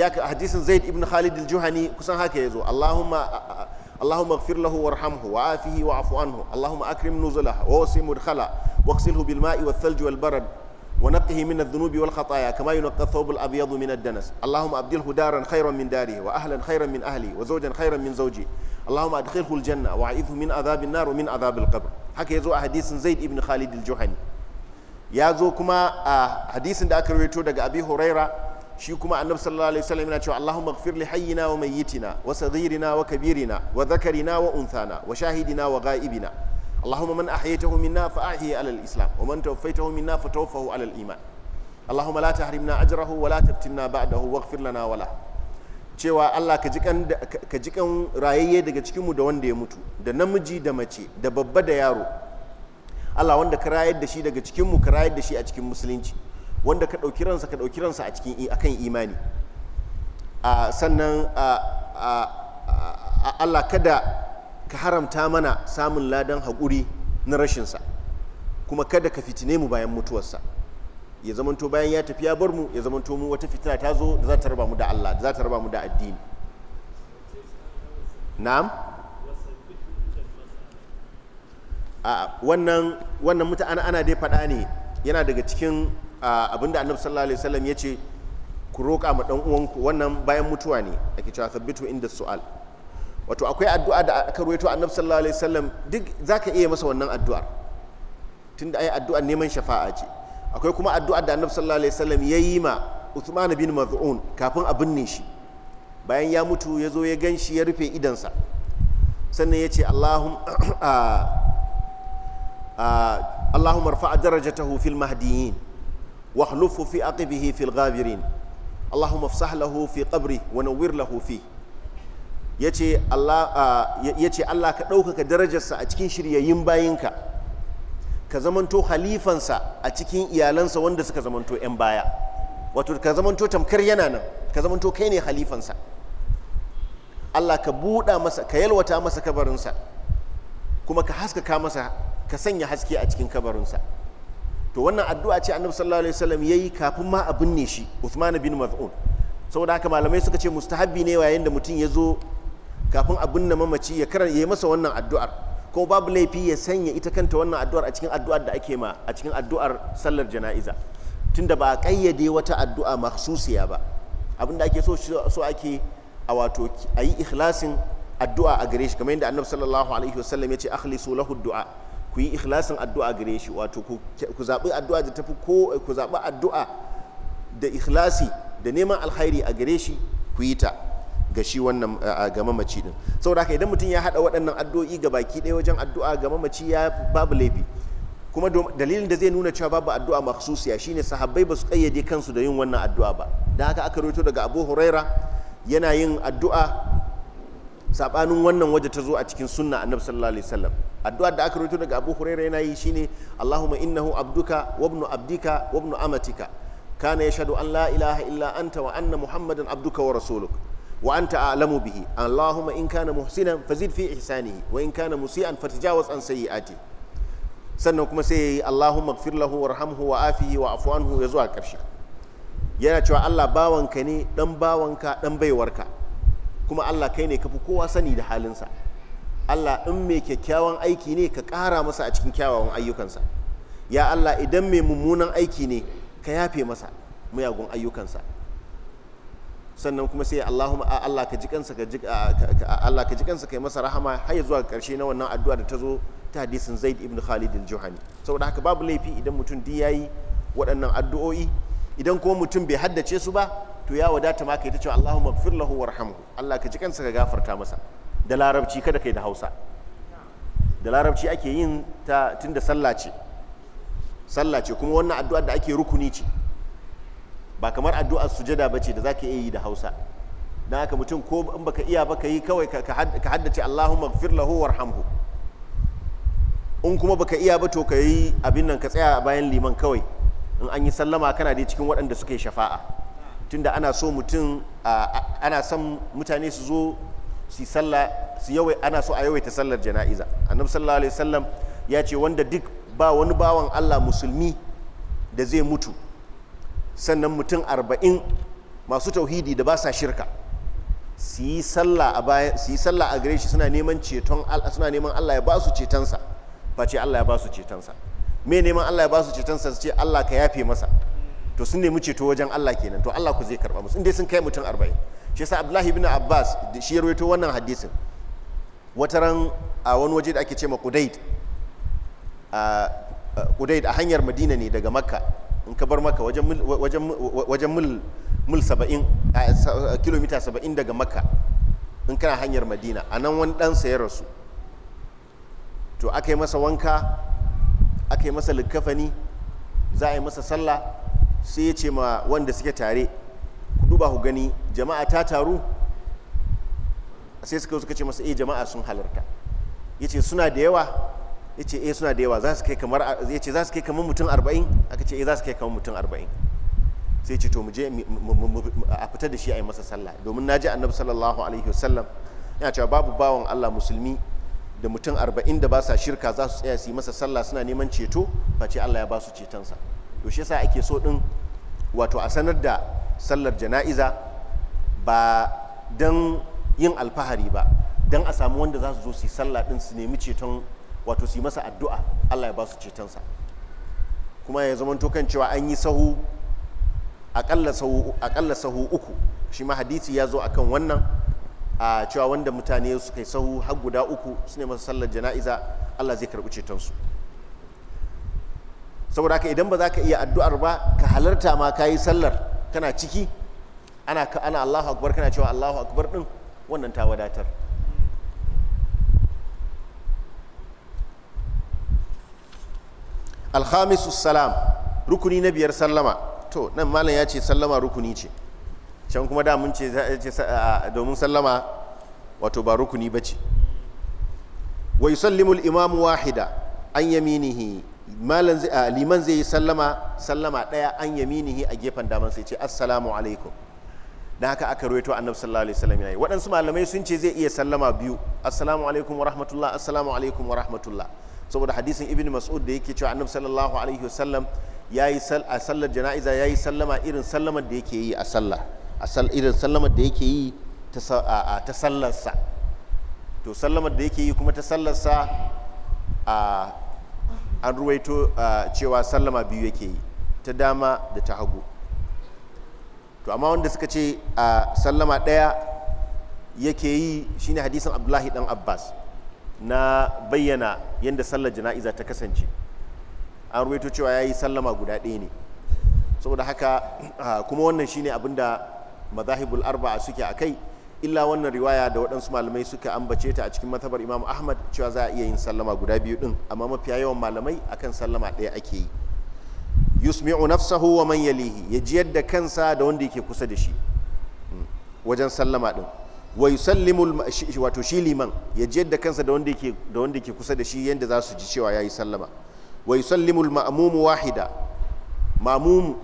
hadisin zaid ibn khalid al-juhani kusan haka yazo allahumma اللهم اغفر له وارحمه وعافه واعف عنه اللهم اكرم نزله ووسع مدخله واغسله بالماء wal barad ونقه من الذنوب والخطايا كما ينقى الثوب الابيض من الدنس اللهم ابدله دارا خيرا من داره واهلا خيرا من اهلي وزوجا خيرا من زوجي اللهم ادخله الجنه واعذه من عذاب النار ومن عذاب القبر haka zo a hadisin Zaid ibn Khalid al ya zo kuma a hadisin da aka rawaito daga Abi Huraira shi kuma Annabi sallallahu alaihi wasallam yana cewa Allahumma ighfir li hayyina wa mayyitina wa saghirina wa kabirina wa zakarina wa na wa shahidina wa ghaibina اللهم من أحييته منا فأحيي على الإسلام ومن توفيته منا فتوفه على الإيمان اللهم لا تحرمنا أجره ولا تفتنا بعده واغفر لنا وله cewa Allah ka ji kan rayayye daga cikinmu da wanda ya mutu da namiji da mace da babba da yaro Allah wanda ka rayar da shi daga cikinmu ka rayar da shi a cikin musulunci wanda ka ɗauki ransa ka ɗauki ransa a cikin akan imani sannan Allah kada ka haramta mana samun ladan haƙuri na rashinsa kuma kada ka fitine mu bayan mutuwarsa ya zamanto bayan ya tafi ya bar mu ya zamanto mu wata fitina ta zo da za ta raba mu da Allah da za ta raba mu da addini na'am a wannan wannan mutane ana dai faɗa ne yana daga cikin abinda annabi sallallahu alaihi wasallam ya ce ku roƙa ma dan uwanku wannan bayan mutuwa ne ake cewa sabbitu inda su'al wato akwai addu'a da aka ruwaito annabi sallallahu alaihi wasallam duk zaka iya masa wannan addu'ar tunda ai addu'a neman shafa'a ce akwai kuma addu'a da annabi sallallahu alaihi wasallam ya ma Uthman bin Maz'un kafin a binne shi bayan ya mutu ya zo ya gan shi ya rufe idansa sannan ya ce Allahumma rafa'a darajatahu fil mahdiyin wa khlufu fi aqibihi fil ghabirin Allahumma afsah lahu fi qabri wa nawwir lahu fihi ya ce Allah ka ɗaukaka darajarsa a cikin shiryayyun bayinka ka zamanto halifansa a cikin iyalansa wanda suka zamanto 'yan baya wato ka zamanto tamkar yana nan ka zamanto kai ne halifansa Allah ka buɗa masa ka yalwata masa kabarinsa kuma ka haskaka masa ka sanya haske a cikin kabarinsa to wannan addu'a ce annabi sallallahu alaihi wasallam yayi kafin ma a binne shi Uthman bin Maz'un saboda haka malamai suka ce mustahabbi ne yayin da mutum ya zo kafin abin da mamaci ya karan ya masa wannan addu'ar ko babu laifi ya sanya ita kanta wannan addu'ar a cikin addu'ar da ake ma a cikin addu'ar sallar jana'iza tunda ba a kayyade wata addu'a mahsusiya ba abinda da ake so so ake a wato a yi ikhlasin addu'a a gare shi kamar yadda annabi sallallahu alaihi wasallam ya ce akhlisu lahu du'a ku yi ikhlasin addu'a gare shi wato ku zaɓi addu'a da tafi ko ku zaɓi addu'a da ikhlasi da neman alkhairi a gare shi ku yi ta ga shi wannan ga mamaci din saboda haka idan mutum ya hada waɗannan addu'o'i ga baki ɗaya wajen addu'a ga mamaci ya babu laifi kuma dalilin da zai nuna cewa babu addu'a makhsusiya shine sahabbai ba su kayyade kansu da yin wannan addu'a ba dan haka aka rawaito daga Abu Huraira yana yin addu'a sabanin wannan waje ta zo a cikin sunna annabi sallallahu alaihi wasallam addu'a da aka rawaito daga Abu Huraira yana yi shine Allahumma innahu abduka wa ibnu abdika wa ibnu amatika kana yashhadu an la ilaha illa anta wa anna muhammadan abduka wa rasuluka wa anta a'lamu bihi allahumma in kana muhsinan fazid fi ihsanihi wa in kana musian fatajawaz an sayyi'ati sannan kuma sai yayi allahumma ighfir lahu warhamhu wa afihi wa afu anhu ya zuwa karshe yana cewa Allah bawanka ne dan bawanka dan baiwarka kuma Allah kai ne kafi kowa sani da halin sa Allah in mai kyakkyawan aiki ne ka kara masa a cikin kyawawan ayyukansa ya Allah idan mai mummunan aiki ne ka yafe masa muyagun ayyukansa sannan kuma sai Allahumma Allah ka ji ka ji kai masa rahama har zuwa karshe na wannan addu'a da ta zo ta hadisin Zaid ibn Khalid al-Juhani saboda haka babu laifi idan mutum di yayi waɗannan addu'o'i idan kuma mutum bai haddace su ba to ya wadata ma kai ta cewa Allahumma ighfir lahu warhamhu Allah ka ji ka gafarta masa da larabci kada kai da Hausa da larabci ake yin ta tunda sallah ce sallah ce kuma wannan addu'a da ake rukuni ce ba kamar addu'ar sujada bace da zaka iya yi da Hausa dan haka mutum ko in baka iya ba ka yi kawai ka haddace Allahumma ighfir lahu warhamhu in kuma baka iya ba to ka yi abin nan ka tsaya bayan liman kawai in an yi sallama kana dai cikin waɗanda suke shafa'a tunda ana so mutum ana son mutane su zo su sallah su yawai ana so a yawaita sallar jana'iza annabi sallallahu alaihi wasallam ya ce wanda duk ba wani bawan Allah musulmi da zai mutu sannan mutum arba'in masu tauhidi da ba sa shirka su yi sallah a gare shi suna neman ceton suna neman Allah ya ba su cetonsa ba ce Allah ya ba su cetonsa me neman Allah ya ba su cetonsa su ce Allah ka yafe masa to sun nemi ceto wajen Allah kenan to Allah ku zai karba musu inda sun kai mutum arba'in shi yasa Abdullahi ibn Abbas shi ya rawaito wannan hadisin ran a wani waje da ake ce ma Qudayd a Qudayd a hanyar Madina ne daga Makka in ka bar maka wajen mil saba'in kilomita saba'in daga maka in kana hanyar madina a nan wani dan ya rasu to aka yi masa wanka aka yi masa likafani za a yi masa sallah sai ya ce ma wanda suke tare ku duba ku gani jama'a ta taru sai suka suka ce masa eh jama'a sun halarta ya ce suna da yawa ya ce eh suna da yawa za su kai kamar ya ce za su kai kamar mutum arba'in aka ce eh za su kai kamar mutum arba'in sai ce to mu je a fita da shi a yi masa sallah domin na ji annabi sallallahu alaihi wasallam yana cewa babu bawan allah musulmi da mutum arba'in da ba sa shirka za su tsaya su yi masa sallah suna neman ceto face allah ya ba su cetonsa to shi yasa ake so din wato a sanar da sallar jana'iza ba don yin alfahari ba don a samu wanda za su zo su yi sallah din su nemi ceton wato su yi masa addu'a Allah ya ba su cetonsa kuma ya zama kan cewa an yi sahu akalla sahu sahu uku shi ma hadisi ya zo akan wannan a cewa wanda mutane suka yi sahu har guda uku su ne masa sallar jana'iza Allah zai karɓi cetonsu saboda haka idan ba za ka iya addu'ar ba ka halarta ma ka yi sallar kana ciki ana ana Allahu akbar kana cewa Allahu akbar din wannan ta wadatar alhamisu salam rukuni na biyar sallama to nan malam ya ce sallama rukuni ce can kuma da mun ce domin sallama wato ba rukuni ba ce wa yusallimu imamu wahida an yaminihi malan liman zai yi sallama sallama daya an yaminihi a gefen daman sai ce assalamu alaikum na haka aka rawaito annabi sallallahu alaihi wasallam yayi waɗansu malamai sun ce zai iya sallama biyu assalamu alaikum wa rahmatullah assalamu alaikum wa rahmatullah saboda hadisin ibn mas'ud da yake cewa annabi sallallahu alaihi wasallam yayi a sallar jana'iza yayi sallama irin sallamar da yake yi a sallah a sal irin sallamar da yake yi ta sallarsa to sallamar da yake yi kuma ta sallarsa a an ruwaito cewa sallama biyu yake yi ta dama da ta hagu to amma wanda suka ce a sallama ɗaya yake yi shine hadisin abdullahi dan abbas na bayyana yadda sallar jana'iza ta kasance an ruwaito cewa ya yi sallama guda ɗaya ne saboda haka ah, kuma wannan shine abin da mazahibul arba'a suke a kai illa wannan riwaya da waɗansu malamai suka ambace ta a cikin matabar imam ahmad cewa za a iya yin sallama guda biyu ɗin amma mafiya yawan malamai akan sallama ɗaya ake yi yusmi'u nafsahu wa man yalihi ya jiyar da kansa da wanda yake kusa da shi hmm, wajen sallama ɗin wa yusallimu wato shi liman ya ji yadda kansa da wanda yake da kusa da shi yadda za su ji cewa ya yi sallama wa yusallimu al-ma'mum wahida ma'mum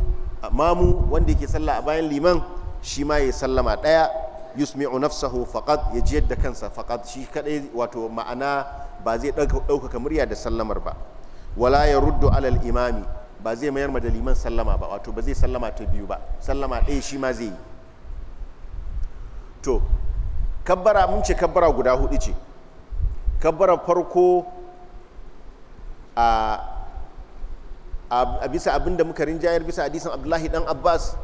mamu wanda yake sallah a bayan liman shi ma ya sallama ɗaya yusmi'u nafsahu faqad ya ji yadda kansa faqad shi kadai wato ma'ana ba zai ɗaukaka murya da sallamar ba wala ya ruddu alal imami ba zai mayar ma da liman sallama ba wato ba zai sallama ta biyu ba sallama ɗaya shi ma zai yi to kabbara mun ce kabbara guda hudu ce kabbara farko a a bisa abin da muka rinjayar bisa hadisin abdullahi dan abbas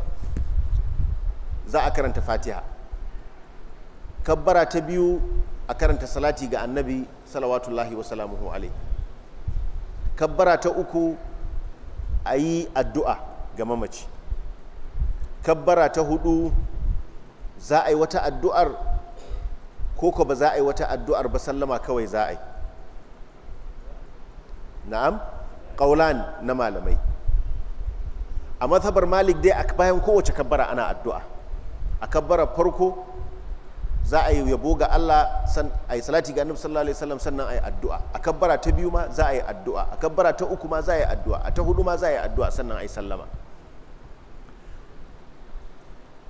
za a karanta fatiha kabbara ta biyu a karanta salati ga annabi salawatullahi wa salamuhu alai kabbara ta uku a yi addu'a ga mamaci kabbara ta hudu za a yi wata addu'ar ko ka ba za a yi wata addu'ar ba sallama kawai za a yi na'am ƙaulan na malamai a mazhabar malik dai a bayan kowace kabbara ana addu'a a kabbarar farko za a yi yabo ga Allah a yi salati ga annabi sallallahu alaihi sannan a yi addu'a a kabbara ta biyu ma za a yi addu'a a kabbara ta uku ma za a yi addu'a a ta hudu ma za a yi addu'a sannan a yi sallama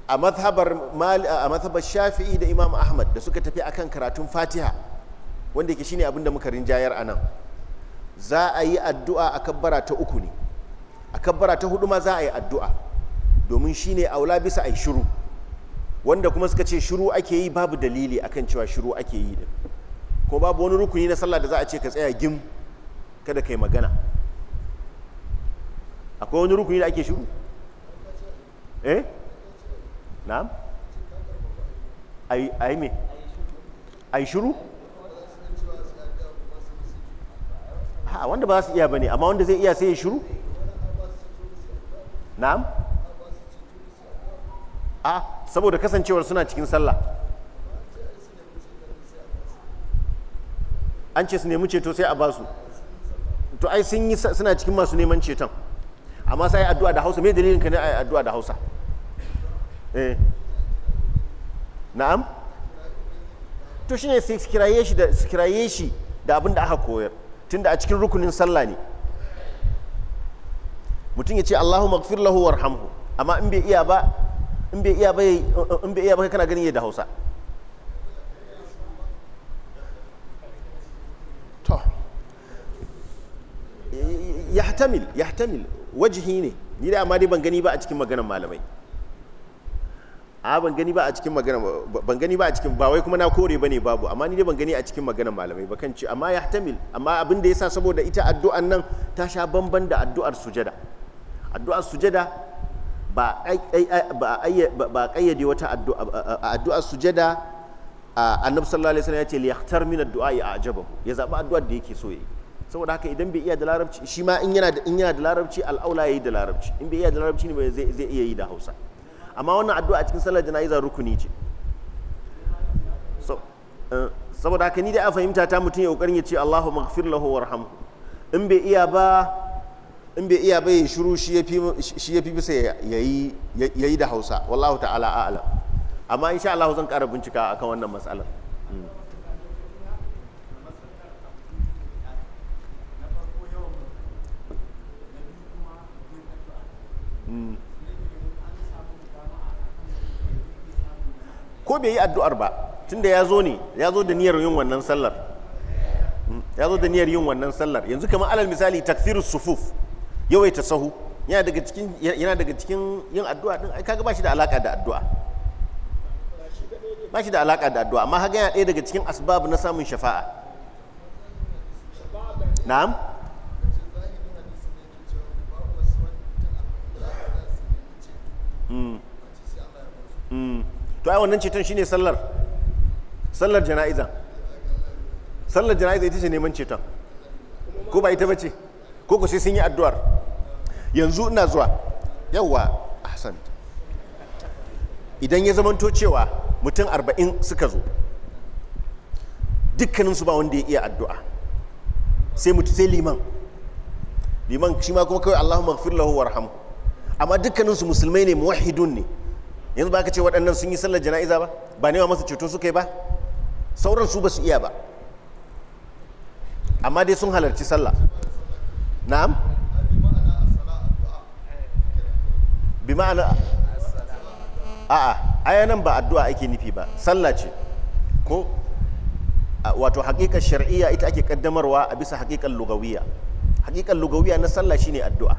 a mazhabar shafi'i da imam ahmad da suka tafi akan karatun fatiha wanda yake shine abinda muka rinjayar a nan za a yi addu'a a kabbara ta uku ne a kabbara ta hudu ma za a yi addu'a domin shine aula bisa a yi shiru wanda kuma suka ce shiru ake yi babu dalili akan cewa shiru ake yi din ko babu wani rukuni na sallah da za a ce ka tsaya gim kada ka magana akwai wani rukuni da ake shiru eh na'am ai me ai shiru ha wanda ba za su iya bane amma wanda zai iya sai ya shiru na'am a saboda kasancewar suna cikin sallah an ce su nemi ceto sai a basu to ai sun yi suna cikin masu neman ceton amma sai addu'a da hausa me dalilin ka ne ai addu'a da hausa eh na'am to shine sai su kiraye shi da su kiraye shi da abin da aka koyar tunda a cikin rukunin sallah ne mutum ya ce Allahu maghfir lahu warhamhu amma in bai iya ba in bai iya ba in bai iya ba kana ganin da Hausa to yahtamil yahtamil wajihi ne ni da amma dai ban gani ba a cikin maganar malamai a ban gani ba a cikin magana ban gani ba a cikin ba wai kuma na kore bane babu amma ni dai ban gani a cikin magana malamai ba kan ce amma ya tamil amma abin da yasa saboda ita addu'an nan ta sha bamban da addu'ar sujada addu'ar sujada ba ba kayyade wata addu'a addu'ar sujada annabi sallallahu alaihi wasallam ya ce li yahtar min addu'a ya ajabahu ya zaba addu'ar da yake so yi saboda haka idan bai iya da larabci shi ma in yana da in yana da larabci al'aula yayi da larabci in bai iya da larabci ne zai iya yi da Hausa amma wannan addu'a cikin sallar jana'iza rukuni ce eh, saboda haka ni dai a fahimta ta mutum ya ƙoƙarin ya ce Allahu maghfir lahu warhamhu in bai iya ba in bai iya ba ya shiru shi ya fi bisa ya yi da Hausa wallahu ta'ala ala amma insha Allah zan ƙara bincika a kan wannan matsalar Mm. ko bai yi addu'ar ba tunda ya zo ne ya zo da niyyar yin wannan sallar ya zo da niyyar yin wannan sallar yanzu kamar alal misali takfirus sufuf yawaita sahu yana daga cikin yana daga cikin yin addu'a din ai kaga ba shi da alaka da addu'a ba shi da alaka da addu'a amma haga yana ɗaya daga cikin asbab na samun shafa'a na'am mm to ai wannan ceton shine sallar sallar jana'iza sallar jana'iza ita ce neman ceton ko ba ita ba ce ko ku sai sun yi addu'ar yanzu ina zuwa yawwa ahsan idan ya zamanto cewa mutum arba'in suka zo dukkaninsu ba wanda ya iya addu'a sai mutu sai liman liman shi ma kuma kawai allahumma gfir lahu warhamu amma dukkaninsu musulmai ne muwahidun ne yanzu ba ka ce waɗannan sun yi sallar jana'iza ba ba nema masu ceto suka yi ba sauran su ba su iya ba amma dai sun halarci sallah na'am bi ma'ana a'a aya nan ba addu'a ake nufi ba sallah ce ko wato haƙiƙar shari'a ita ake kaddamarwa a bisa haƙiƙar lugawiya haƙiƙar lugawiya na sallah shine addu'a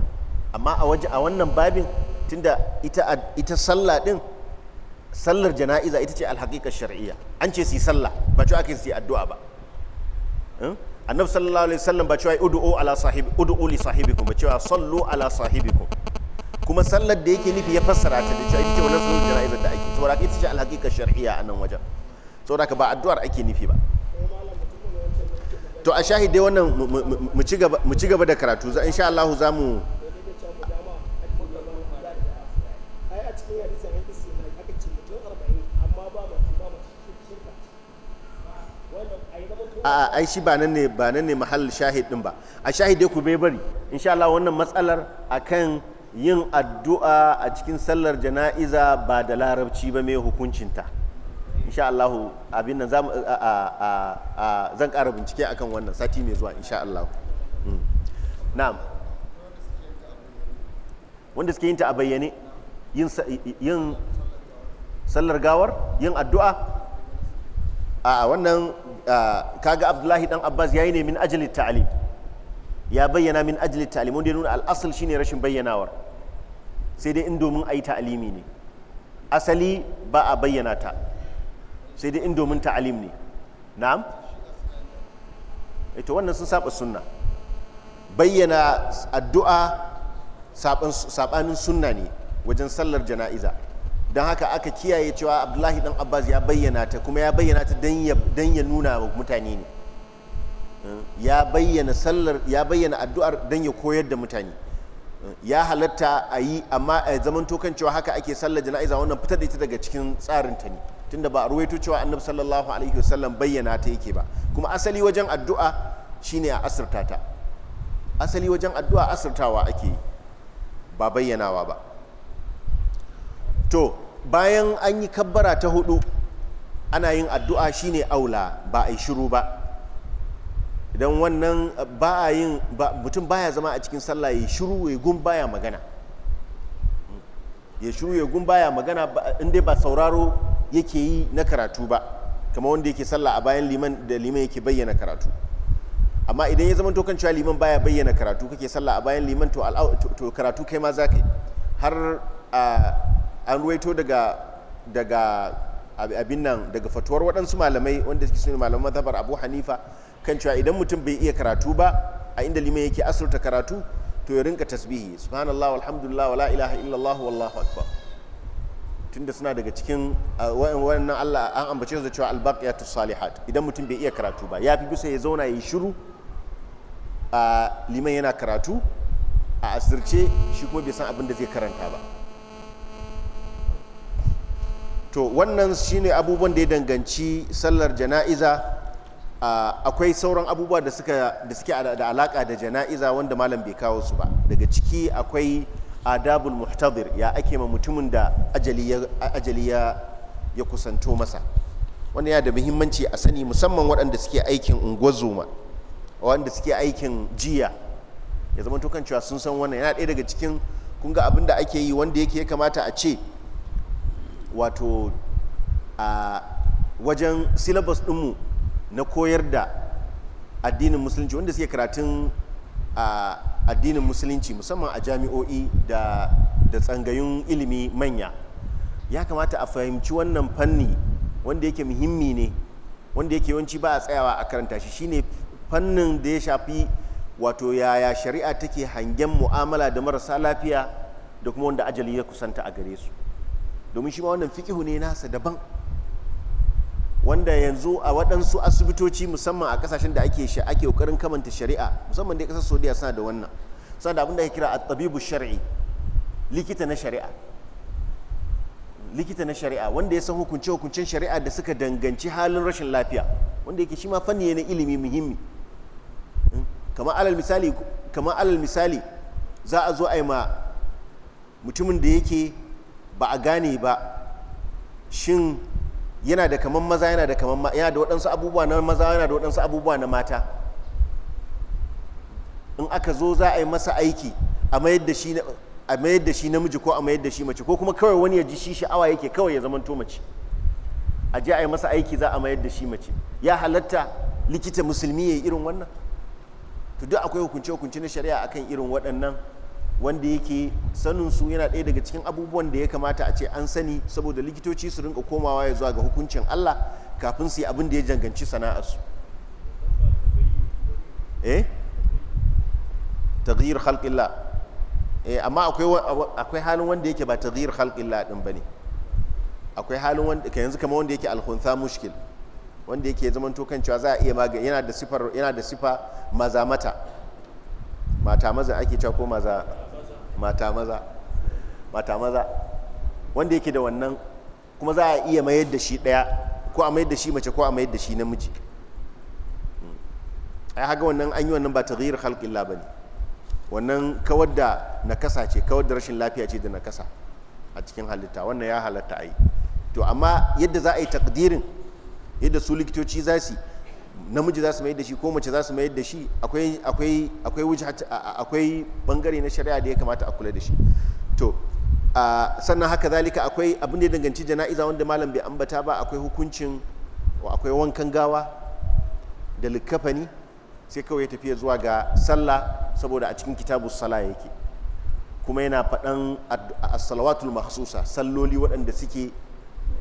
amma a waje a wannan babin tunda ita ita sallah din sallar jana'iza ita ce alhaqiqa shar'iyya an ce su sallah ba cewa ake su addu'a ba hmm? annabi sallallahu alaihi wasallam ba cewa ud'u ala sahib ud'u li sahibikum ba cewa sallu ala sahibikum kuma sallar da yake nufi ya fassara ta da cewa ita wannan sallar jana'iza da ake saboda ita ce alhaqiqa shar'iyya a nan wajen saboda ba addu'ar ake nufi ba to a shahidai wannan mu ci gaba da karatu za insha Allah za mu a ai shi ba nan ne ba nan ne mahallin shahid din ba a shahide ku bai bari insha Allah wannan matsalar akan yin addu'a a cikin sallar jana'iza ba da larabci ba mai hukuncinta insha Allah abin nan zan ƙara bincike akan wannan sati mai zuwa insha Allah hmm. na'am wanda suke yin ta a bayyane yin sallar gawar yin addu'a a wannan kaga abdullahi dan abbas ya yi ne min ajli ta'alim ya bayyana min ajli ta'alim wanda ya nuna al'asal shine rashin bayyanawar sai dai in domin yi ta'alimi ne asali ba a bayyana ta sai dai in domin ta'lim ne na'am ita eh, wannan sun saba sunna bayyana addu'a sabanin sunna ne wajen sallar jana'iza don haka aka kiyaye cewa abdullahi dan abbas ya bayyana ta kuma ya bayyana ta don ya nuna wa mutane ne eh, ya bayyana sallar ya bayyana addu'ar don ya koyar da mutane eh, ya halatta a yi amma a zaman tokan cewa haka ake sallar jana'iza wannan fitar da ita daga cikin tsarin ta ne tunda ba a ruwaito cewa annabi sallallahu alaihi wasallam bayyana ta yake ba kuma asali wajen addu'a shine a asirta asali wajen addu'a asirtawa ake ba bayyanawa ba to bayan an yi kabbara ta hudu ana yin addu'a shine aula ba a yi shiru ba idan wannan ba a yin mutum baya zama a cikin sallah ya shiru ya gun baya magana ya shiru ya gun baya magana inda ba sauraro yake yi na karatu ba kama wanda yake sallah a bayan liman da liman yake bayyana karatu amma idan ya zama tokan cewa liman baya bayyana karatu kake sallah a bayan liman to karatu kai ma za ka har an ruwaito daga daga abin nan daga fatuwar waɗansu malamai wanda suke suna malaman mazhabar abu hanifa kan cewa idan mutum bai iya karatu ba a inda liman yake asurta karatu to ya rinka tasbihi subhanallah walhamdulillah wala ilaha illallah wallahu akbar tunda suna daga cikin wannan Allah an ambace su da cewa albaqiyatu salihat idan mutum bai iya karatu ba ya fi bisa ya zauna ya yi shiru a liman yana karatu a asirce shi kuma bai san abin da zai karanta ba to wannan shine abubuwan da ya danganci sallar jana'iza akwai sauran abubuwa da suka da suke da alaka da jana'iza wanda malam bai kawo su ba daga ciki akwai adabul muhtadir ya ake ma mutumin da ajali ya kusanto masa wannan yana da muhimmanci a sani musamman waɗanda suke aikin unguwazoma waɗanda suke aikin jiya ya zama kan cewa sun san wannan yana ɗaya daga cikin kun abin da ake yi wanda yake ya kamata a ce wato a wajen syllabus ɗinmu na koyar da addinin musulunci wanda suke karatun addinin musulunci musamman a jami'o'i da da tsangayun ilimi manya ya kamata a fahimci wannan fanni wanda yake muhimmi ne wanda yake yawanci ba a tsayawa a karanta shi shine fannin da ya shafi wato yaya shari'a take hangen mu'amala da marasa lafiya da kuma wanda ajali ya kusanta a gare su domin shi ma wannan fiƙihu ne nasa daban wanda yanzu a waɗansu asibitoci musamman a ƙasashen da ake ake ƙoƙarin kamanta shari'a musamman dai ƙasar saudiya suna da wannan suna da abin da ake kira at-tabibu shari'i likita na shari'a likita na shari'a wanda ya san hukunce hukuncen shari'a da suka danganci halin rashin lafiya wanda yake shi ma fanni ne na ilimi muhimmi hmm? kamar alal misali kamar alal misali za a zo a yi ma mutumin da yake ba a gane ba shin yana da kaman maza yana da kaman yana da waɗansu abubuwa na maza yana da waɗansu abubuwa na mata in aka zo za a yi masa aiki a mayar da shi a mayar da shi namiji ko a mayar da shi mace ko kuma kawai wani ya ji shi sha'awa yake kawai ya zamanto mace a je a yi masa aiki za a mayar da shi mace ya halatta likita musulmi ya yi irin wannan to duk akwai hukunce hukunce na shari'a akan irin waɗannan wanda yake sanin su yana ɗaya daga cikin abubuwan da ya kamata a ce an sani saboda likitoci su rinka komawa ya zuwa ga hukuncin Allah kafin su yi abin da ya janganci su eh taghyir khalqillah eh amma akwai akwai halin wanda yake ba taghyir khalqillah din bane akwai halin wanda yanzu kamar wanda yake alkhuntha mushkil wanda yake zaman to kan cewa za a iya magani yana da sifar yana da sifa mazamata mata maza ake cewa ko maza mata maza mata maza wanda yake da wannan kuma za a iya mayar da shi ɗaya ko a mayar da shi mace ko a mayar da shi namiji hmm. ai haka wannan an yi wannan ba taghyir illa bani wannan kawar da nakasa ce kawar da rashin lafiya ce da nakasa a cikin halitta wannan ya halatta ai to amma yadda za a yi takdirin yadda su likitoci za su namiji za su mayar da shi ko mace za su mayar da shi akwai akwai bangare na shari'a da ya kamata a kula da shi to sannan haka zalika akwai abin da ya danganci jana'iza wanda malam bai ambata ba akwai hukuncin akwai wankan gawa da likafani sai kawai ya tafiya zuwa ga sallah saboda a cikin kitabu sala yake kuma yana faɗan a salawatul mahsusa salloli waɗanda suke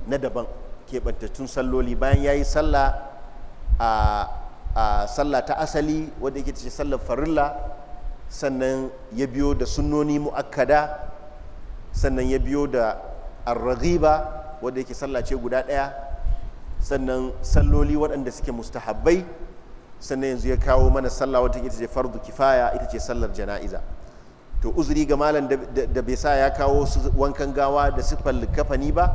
na daban keɓantattun salloli bayan ya yi sallah a sallah ta asali wadda yake ce sallar farilla sannan ya biyo da sunnoni mu'akkada sannan ya biyo da arraghiba wadda yake sallah ce guda ɗaya sannan salloli waɗanda suke mustahabbai sannan yanzu ya kawo mana sallah wadda yake ce fardu kifaya ita ce sallar jana'iza to uzuri ga malam da bai sa ya kawo su wankan gawa da siffar kafani ba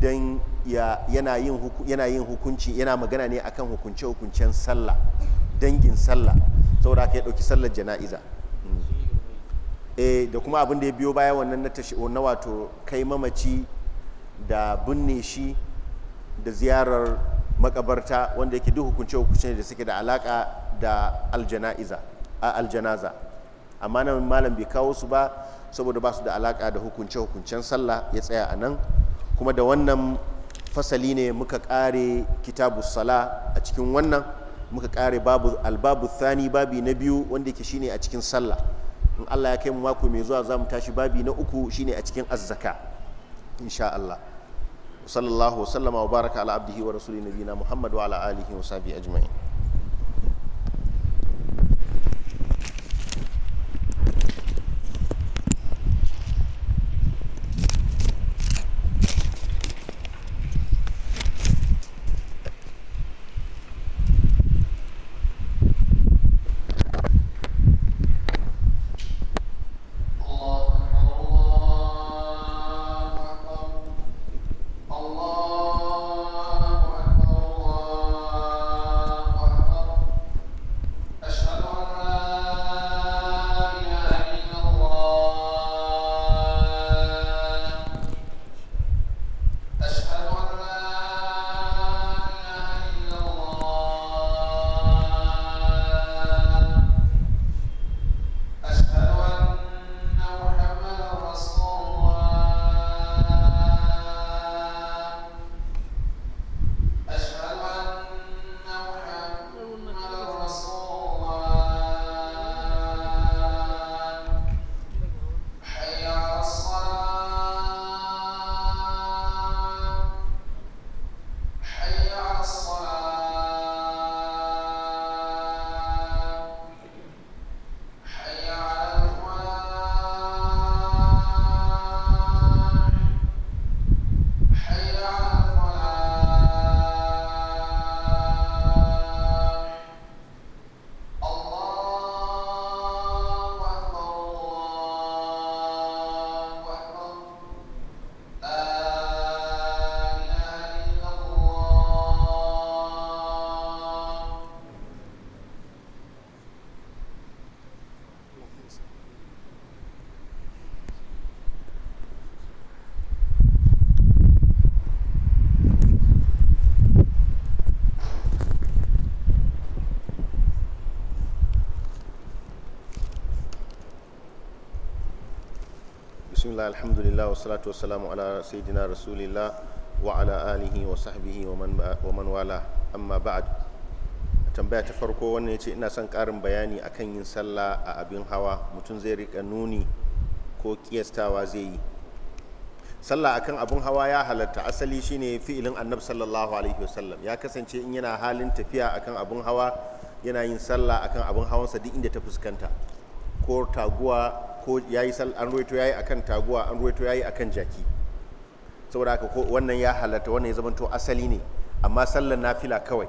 don yana yin hukunci yana magana ne akan hukunce-hukuncen sallah dangin sallah saboda aka ya ɗauki sallar jana'iza e da kuma abin da ya biyo baya wannan na tashi na wato kai mamaci da binne shi da ziyarar makabarta wanda yake duk hukunce hukunce da suke da alaka da aljana'iza a aljanaza amma nan malam bai kawo su ba saboda ba su da alaka da hukunce hukuncen sallah ya tsaya a nan kuma da wannan fasali ne muka kare kitabu sala a cikin wannan muka kare babu albabu thani babi na biyu wanda yake shine a cikin sallah in Allah ya kai mu mako mai zuwa zamu tashi babi na uku shine a cikin azzaka insha Allah sallallahu wa baraka ala abdihi wa rasulina nabiyina muhammad wa ala alihi wa sahbihi ajma'in bismillah alhamdulillah wasalatu wasalamu ala sayyidina rasulillah wa ala alihi wa sahbihi wa man wala amma ba'd tambaya ta farko wannan ce ina son karin bayani akan yin sallah a abin hawa mutum zai rika nuni ko kiyastawa zai yi sallah akan abin hawa ya halatta asali shine fi'ilin annab sallallahu alaihi wasallam ya kasance in yana halin tafiya akan abin hawa yana yin sallah akan abin hawansa duk inda ta fuskanta ko taguwa ko yayi an ruwaito yi akan taguwa an ruwaito yi akan jaki saboda haka ko wannan ya halatta wannan ya zamanto asali ne amma sallar nafila kawai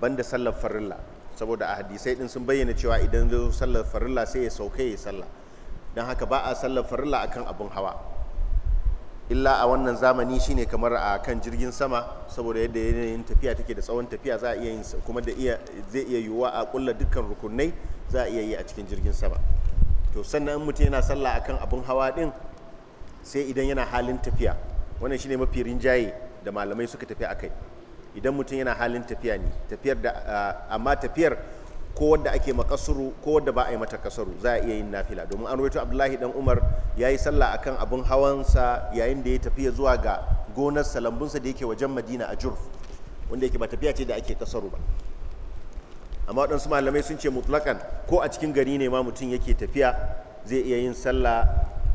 banda sallar farilla saboda a hadisai din sun bayyana cewa idan zo sallar farilla sai ya sauka ya yi sallah don haka ba a sallar farilla akan abin hawa illa a wannan zamani shine kamar a kan jirgin sama saboda yadda yanayin tafiya take da tsawon tafiya za a iya yin kuma da iya zai iya yiwuwa a kulla dukkan rukunai za a iya yi a cikin jirgin sama to sannan in mutum yana sallah akan abin hawa din sai idan yana halin tafiya wannan shine mafi rinjaye da malamai suka tafi akai idan mutum yana halin tafiya ne tafiyar da amma tafiyar ko wadda ake makasuru ko wadda ba a yi mata kasaru za a iya yin nafila domin an rawaito abdullahi dan umar ya yi sallah akan abin sa yayin da ya tafiya zuwa ga gonar lambunsa da yake wajen madina a jurf wanda yake ba tafiya ce da ake kasaru ba amma waɗansu malamai sun ce mutlakan ko a cikin gari ne ma mutum yake tafiya zai iya yin sallah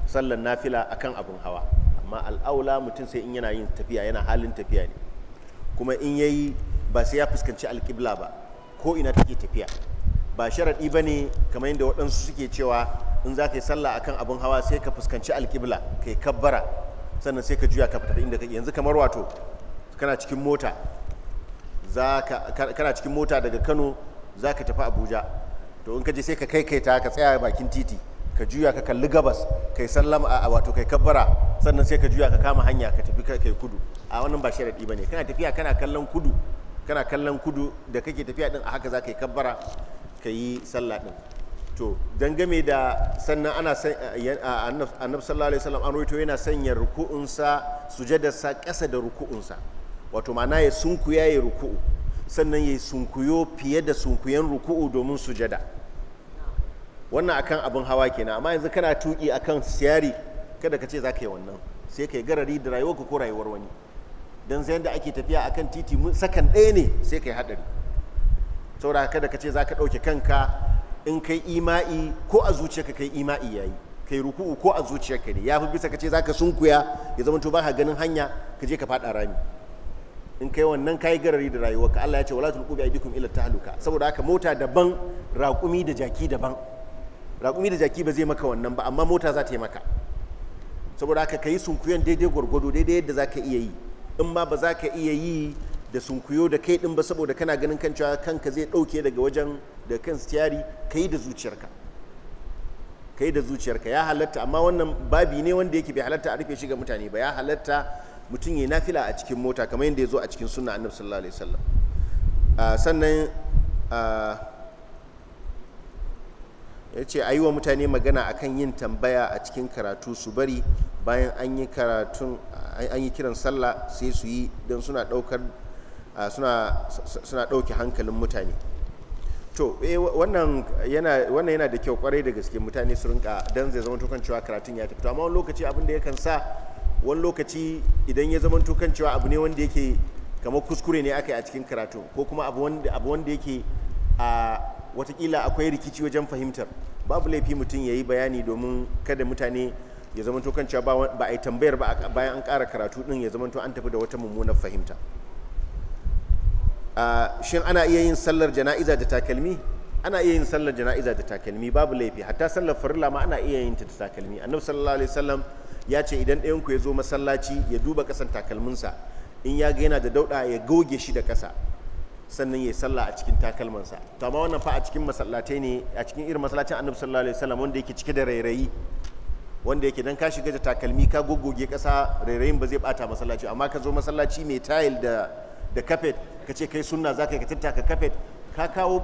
sallan nafila kan abin hawa amma al'aula mutum sai in yana yin tafiya yana halin tafiya ne kuma in ya yi ba sai ya fuskanci alƙibla ba ko ina take tafiya ba sharaɗi ba ne kamar yadda waɗansu suke cewa in za ka yi sallah akan abin hawa sai ka fuskanci alƙibla ka yi kabbara sannan sai ka juya ka fita inda kake yanzu kamar wato kana kana cikin mota daga kano za ka tafi abuja to in ka je sai ka kai ta ka tsaya bakin titi ka juya ka kalli gabas kai sallama a wato kai kabbara sannan sai ka juya ka kama hanya ka tafi kai kudu a wannan ba sharadi bane kana tafiya kana kallon kudu kana kallon kudu da kake tafiya din a haka za ka yi kabbara ka yi sallah din to dangame da sannan ana annabi sallallahu alaihi wasallam an yana sanya ruku'unsa sujadarsa ƙasa da ruku'unsa wato ma'ana ya sunku ya ruku'u sannan ya sunkuyo fiye da sunkuyen ruku'u domin sujada wannan akan abin hawa kenan amma yanzu kana tuki akan siyari kada ka ce za ka yi wannan sai ka yi garari da rayuwarka ko rayuwar wani don zai da ake tafiya akan titi sakan ɗaya ne sai ka yi haɗari saboda kada ka ce za ka ɗauke kanka in kai ima'i ko a zuciyarka kai ima'i yayi kai ruku'u ko a zuciyarka ne ya fi bisa ka ce za ka sunkuya ya zama to ba ganin hanya ka je ka faɗa rami in kai wannan kai garari da rayuwarka Allah ya ce wala tulqu bi aidikum ila tahluka saboda haka mota daban raƙumi da jaki daban raƙumi da jaki ba zai maka wannan ba amma mota za ta yi maka saboda haka kai sunkuyon daidai gwargwado daidai yadda za ka iya yi in ma ba za ka iya yi da sunkuyo da kai din ba saboda kana ganin kan cewa kanka zai dauke daga wajen da kan stiyari ka yi da zuciyarka ka yi da zuciyarka ya halatta amma wannan babi ne wanda yake bai halatta a rufe shi ga mutane ba ya halatta mutum ya nafila a cikin mota kamar yadda ya zo a cikin sunna annabi sallallahu alaihi wasallam sannan ya ce a yi wa mutane magana akan yin tambaya a cikin karatu su bari bayan an yi karatun an yi kiran sallah sai su yi don suna ɗaukar suna hankalin mutane to eh, wannan yana da kyau kwarai da gaske mutane su rinka don zai zama tukancewa karatun ya tafi to amma wani lokaci abin da yakan sa wani lokaci idan ya zamanto kan cewa abu ne wanda yake kamar kuskure ne aka yi a cikin karatu ko kuma abu wanda yake a watakila akwai rikici wajen fahimtar babu laifi mutum ya yi bayani domin kada mutane ya zamanto kan cewa ba a yi tambayar ba bayan an kara karatu din ya zamanto an tafi da wata mummunar fahimta shin ana iya yin sallar jana'iza da takalmi ana iya yin sallar jana'iza da takalmi babu laifi hatta sallar farilla ma ana iya yin ta da takalmi annabi sallallahu alaihi wasallam ya ce idan ɗayan ku ya zo masallaci ya duba kasan takalminsa in ya ga yana da dauɗa ya goge shi da ƙasa sannan ya sallah a cikin takalmansa to amma wannan fa a cikin masallatai ne a cikin irin masallacin annabi sallallahu alaihi wasallam wanda yake cike da rairayi wanda yake dan ka shiga da takalmi ka goggoge ƙasa rairayin ba zai bata masallaci amma ka zo masallaci mai tayil da da kafet ka ce kai sunna zaka ka tattaka kafet ka kawo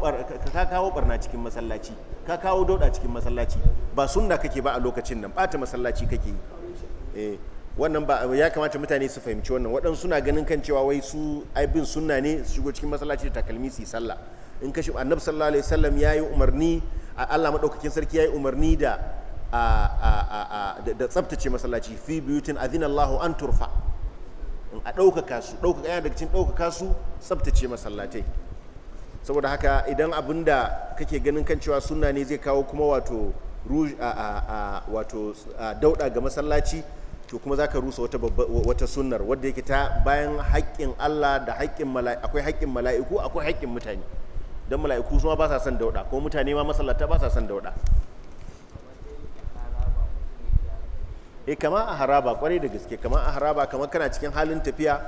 barna cikin masallaci ka kawo dauda cikin masallaci ba sunna kake ba a lokacin nan bata masallaci kake yi Eh, wannan ba ya kamata mutane su fahimci wannan waɗansu suna ganin kan cewa wai su aibin sunna ne su shigo cikin masallaci da takalmi su yi sallah in kashi annabi sallallahu alaihi wasallam yi umarni Allah maɗaukakin sarki ya yi umarni da da tsabtace masallaci fi buyutin Allahu an turfa in a ɗaukaka su ɗaukaka yana daga cikin ɗaukaka su tsabtace masallatai saboda haka idan abin da kake ganin kan cewa sunna ne zai kawo kuma wato wato dauɗa ga masallaci to kuma za ka rusa wata wata sunnar wadda yake ta bayan haƙƙin Allah da haƙƙin mala'iku akwai haƙƙin mala'iku akwai haƙƙin mutane don mala'iku su ma ba sa son dauɗa ko mutane ma masallata ba sa son dauɗa. eh kama a haraba kwarai da gaske kama a haraba kama kana cikin halin tafiya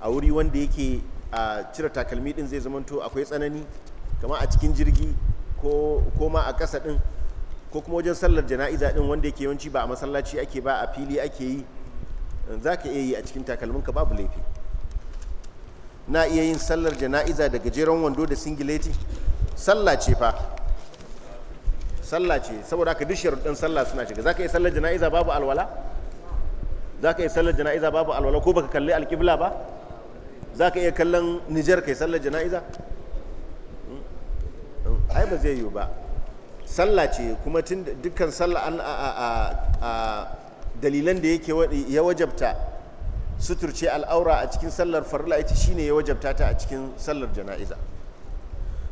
a wuri wanda yake a cire takalmi din zai zamanto akwai tsanani kama a cikin jirgi ko ko ma a ƙasa din ko kuma wajen sallar jana'iza din wanda yake yawanci ba a masallaci ake ba a fili ake yi za ka iya yi a cikin takalminka babu laifi na iya yin sallar jana'iza da gajeren wando da singileti sallah ce fa sallah ce saboda ka duk sharuɗin sallah suna shiga za ka iya sallar jana'iza babu alwala za ka iya sallar jana'iza babu alwala ko baka kalli alƙibla ba za ka iya kallon nijar kai sallar jana'iza hmm? Hmm? ai ba zai yiwu ba sallah ce kuma tun dukkan sallah an a dalilan da yake ya wajabta suturce al'aura a cikin sallar farla ita shine ya wajabta ta a cikin sallar jana'iza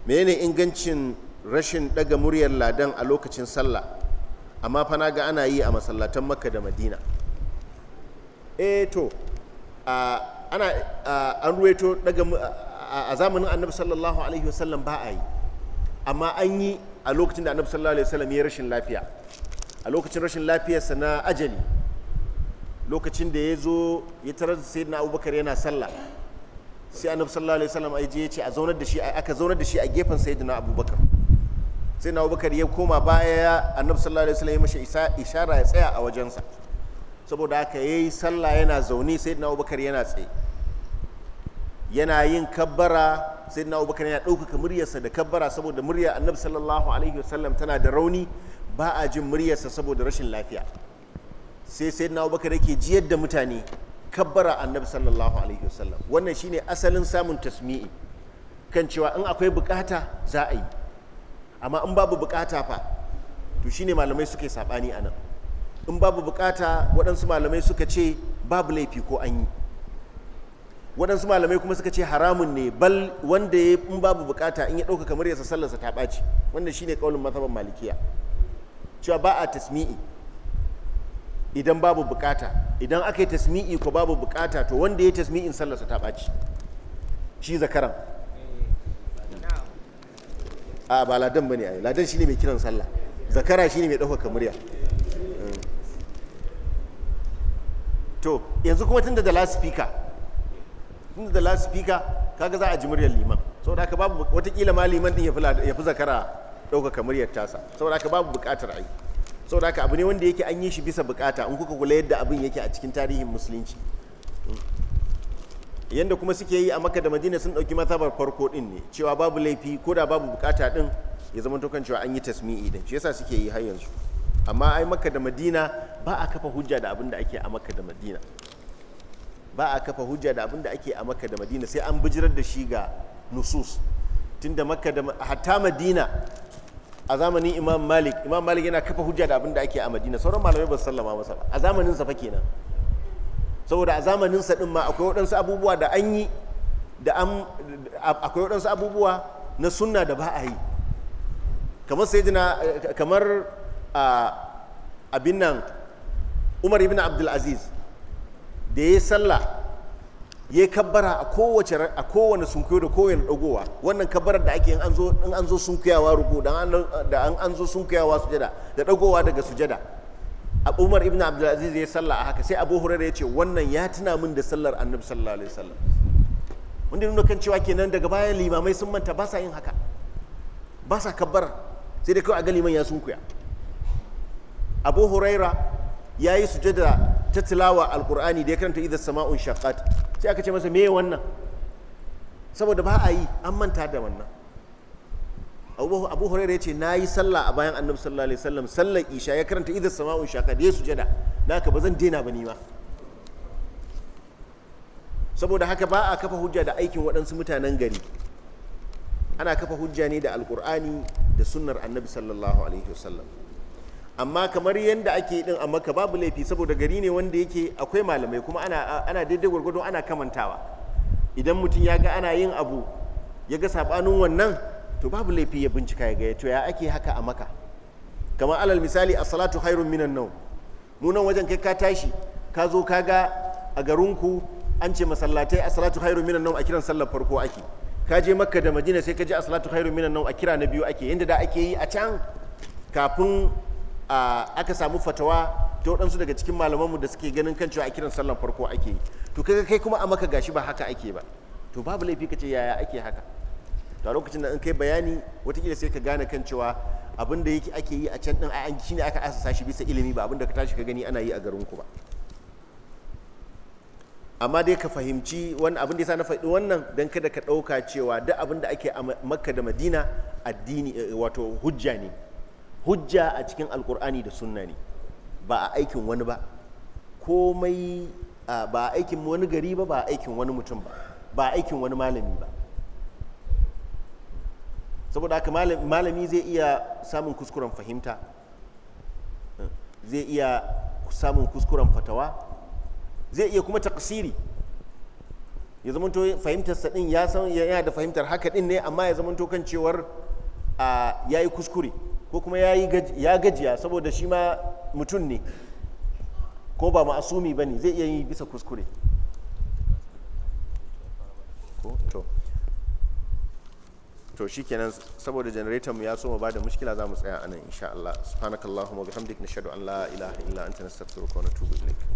menene ingancin rashin daga muryar ladan a lokacin sallah amma fa na ga ana yi a masallatan makka da madina eh to ana an ruweto daga a zamanin annabi sallallahu alaihi wasallam ba a yi amma an yi a lokacin da annabi sallallahu alaihi wasallam ya rashin lafiya a lokacin rashin lafiyarsa na ajali lokacin da ya zo ya tarar da sayyidina abubakar yana sallah sai annabi sallallahu alaihi wasallam ai je ya ce a zaunar da shi aka zaunar da shi a gefen sayyidina abubakar sayyidina abubakar ya koma baya annabi sallallahu alaihi wasallam ya mashi isara ya tsaya a wajensa saboda haka yayi sallah yana zaune sayyidina abubakar yana tsaye yana yin kabbara sai na abubakar yana ɗaukaka muryarsa da kabbara saboda murya annabi sallallahu alaihi wasallam tana da rauni ba a jin muryarsa saboda rashin lafiya sai sai na abubakar yake jiyar da mutane kabbara annabi sallallahu alaihi wasallam wannan shine asalin samun tasmi'i kan cewa in akwai bukata za a yi amma in babu bukata fa to shine malamai suka yi sabani anan in babu bukata waɗansu malamai suka ce babu laifi ko an yi waɗansu malamai kuma suka ce haramun ne bal wanda ya in babu bukata in ya ɗauka kamar yasa sallarsa ta ɓaci wanda shine kaulin mazhaban malikiya cewa ba a tasmi'i idan babu bukata idan aka yi tasmi'i ko babu bukata to wanda ya tasmi'in sallarsa ta ɓaci shi zakaran a ba ladan bane ai ladan shine mai kiran sallah zakara shine mai ɗaukaka murya hmm. to yanzu kuma tunda da speaker tunda da lasifika kaga za a ji muryar liman saboda haka babu watakila ma liman din ya fi zakara ɗaukaka muryar tasa saboda haka babu buƙatar ai saboda haka abu ne wanda yake an yi shi bisa buƙata in kuka kula yadda abin yake a cikin tarihin musulunci yanda kuma suke yi a makka da madina sun ɗauki mazhabar farko ɗin ne cewa babu laifi ko da babu buƙata ɗin ya zama tokan cewa an yi tasmi'i din shi yasa suke yi har yanzu amma ai makka da madina ba a kafa hujja da abin da ake a makka da madina ba a kafa hujja da abin da ake a makka da madina sai an bijirar da shi ga nusus tunda makka da hatta madina a zamanin imam malik imam malik yana kafa hujja da abin da ake a madina sauran malamai ba su sallama masa ba a zamanin sa fa kenan saboda a zamanin sa din ma akwai waɗansu abubuwa da an yi da an akwai waɗansu abubuwa na sunna da ba a yi kamar sayyidina kamar abin nan umar ibn abdul aziz da ya yi sallah ya yi kabbara a kowane sunkuyo da kowane dagowa wannan kabbarar da ake in an zo sunkuyawa ruku da an an zo sunkuyawa sujada da dagowa daga sujada a umar ibn abdulaziz ya yi sallah a haka sai abu hurairu ya ce wannan ya tuna min da sallar annabi sallallahu alaihi wasallam wanda nuna kan cewa kenan daga baya limamai sun manta ba sa yin haka ba sa kabbara sai dai kawai a ga liman ya sunkuya abu huraira ya yi sujada ta tilawa alkur'ani da ya karanta idan sama'un shakat sai aka ce masa me wannan saboda ba a yi an manta da wannan abu huraira ya ce na yi sallah a bayan annabi sallallahu alaihi wasallam sallar isha ya karanta idan sama'un shakat ya sujada na ka ba zan daina ba ni ma saboda haka ba a kafa hujja da aikin waɗansu mutanen gari ana kafa hujja ne da alkur'ani da sunnar annabi sallallahu alaihi wasallam amma kamar yadda ake din a maka babu laifi saboda gari ne wanda yake akwai malamai kuma ana, ana daidai gwargwado ana kamantawa idan mutum ya ga ana yin abu ya ga sabanin wannan to babu laifi ya bincika ya ga to ya ake haka a maka kamar alal misali a salatu hairun minan nau mu wajen kai ka tashi ka zo ka ga a garinku an ce masallatai a salatu hairun minan nau a kiran sallar farko ake ka je makka da madina sai ka je a salatu hairun minan nau a kira na biyu ake yadda da ake yi a can kafin aka samu fatawa ta waɗansu daga cikin malamanmu da suke ganin kan cewa a kiran sallan farko ake yi to kaga kai kuma a maka gashi ba haka ake ba to babu laifi ka ce yaya ake haka to a lokacin da in kai bayani watakila sai ka gane kan cewa abin da yake ake yi a can din a shine aka asasa shi bisa ilimi ba abin da ka tashi ka gani ana yi a garin ku ba amma dai ka fahimci wannan abin da yasa na faɗi wannan dan kada ka ɗauka cewa duk abin da ake a makka da madina addini eh, wato hujja ne hujja a cikin alkur'ani da sunna ne ba a aikin wani ba komai ba a aikin wani gari ba ba a aikin wani mutum ba ba a aikin wani malami ba saboda haka malami zai iya samun kuskuren fahimta zai iya samun kuskuren fatawa zai iya kuma taksiri ya zamanto fahimtarsa din ya san yana da fahimtar haka din ne amma ya zamanto kan cewar ya yi kuskure ko kuma ya gajiya saboda shi ma mutum ne ko ba ma'asumi ba ne zai iya yi bisa kuskure to shi kenan saboda mu ya so mu ba da mushkila za mu tsaya anan insha Allah subhanakallahumma bihamdik nashhadu an la ilaha illa anta nastaghfiruka wa natubu ilaik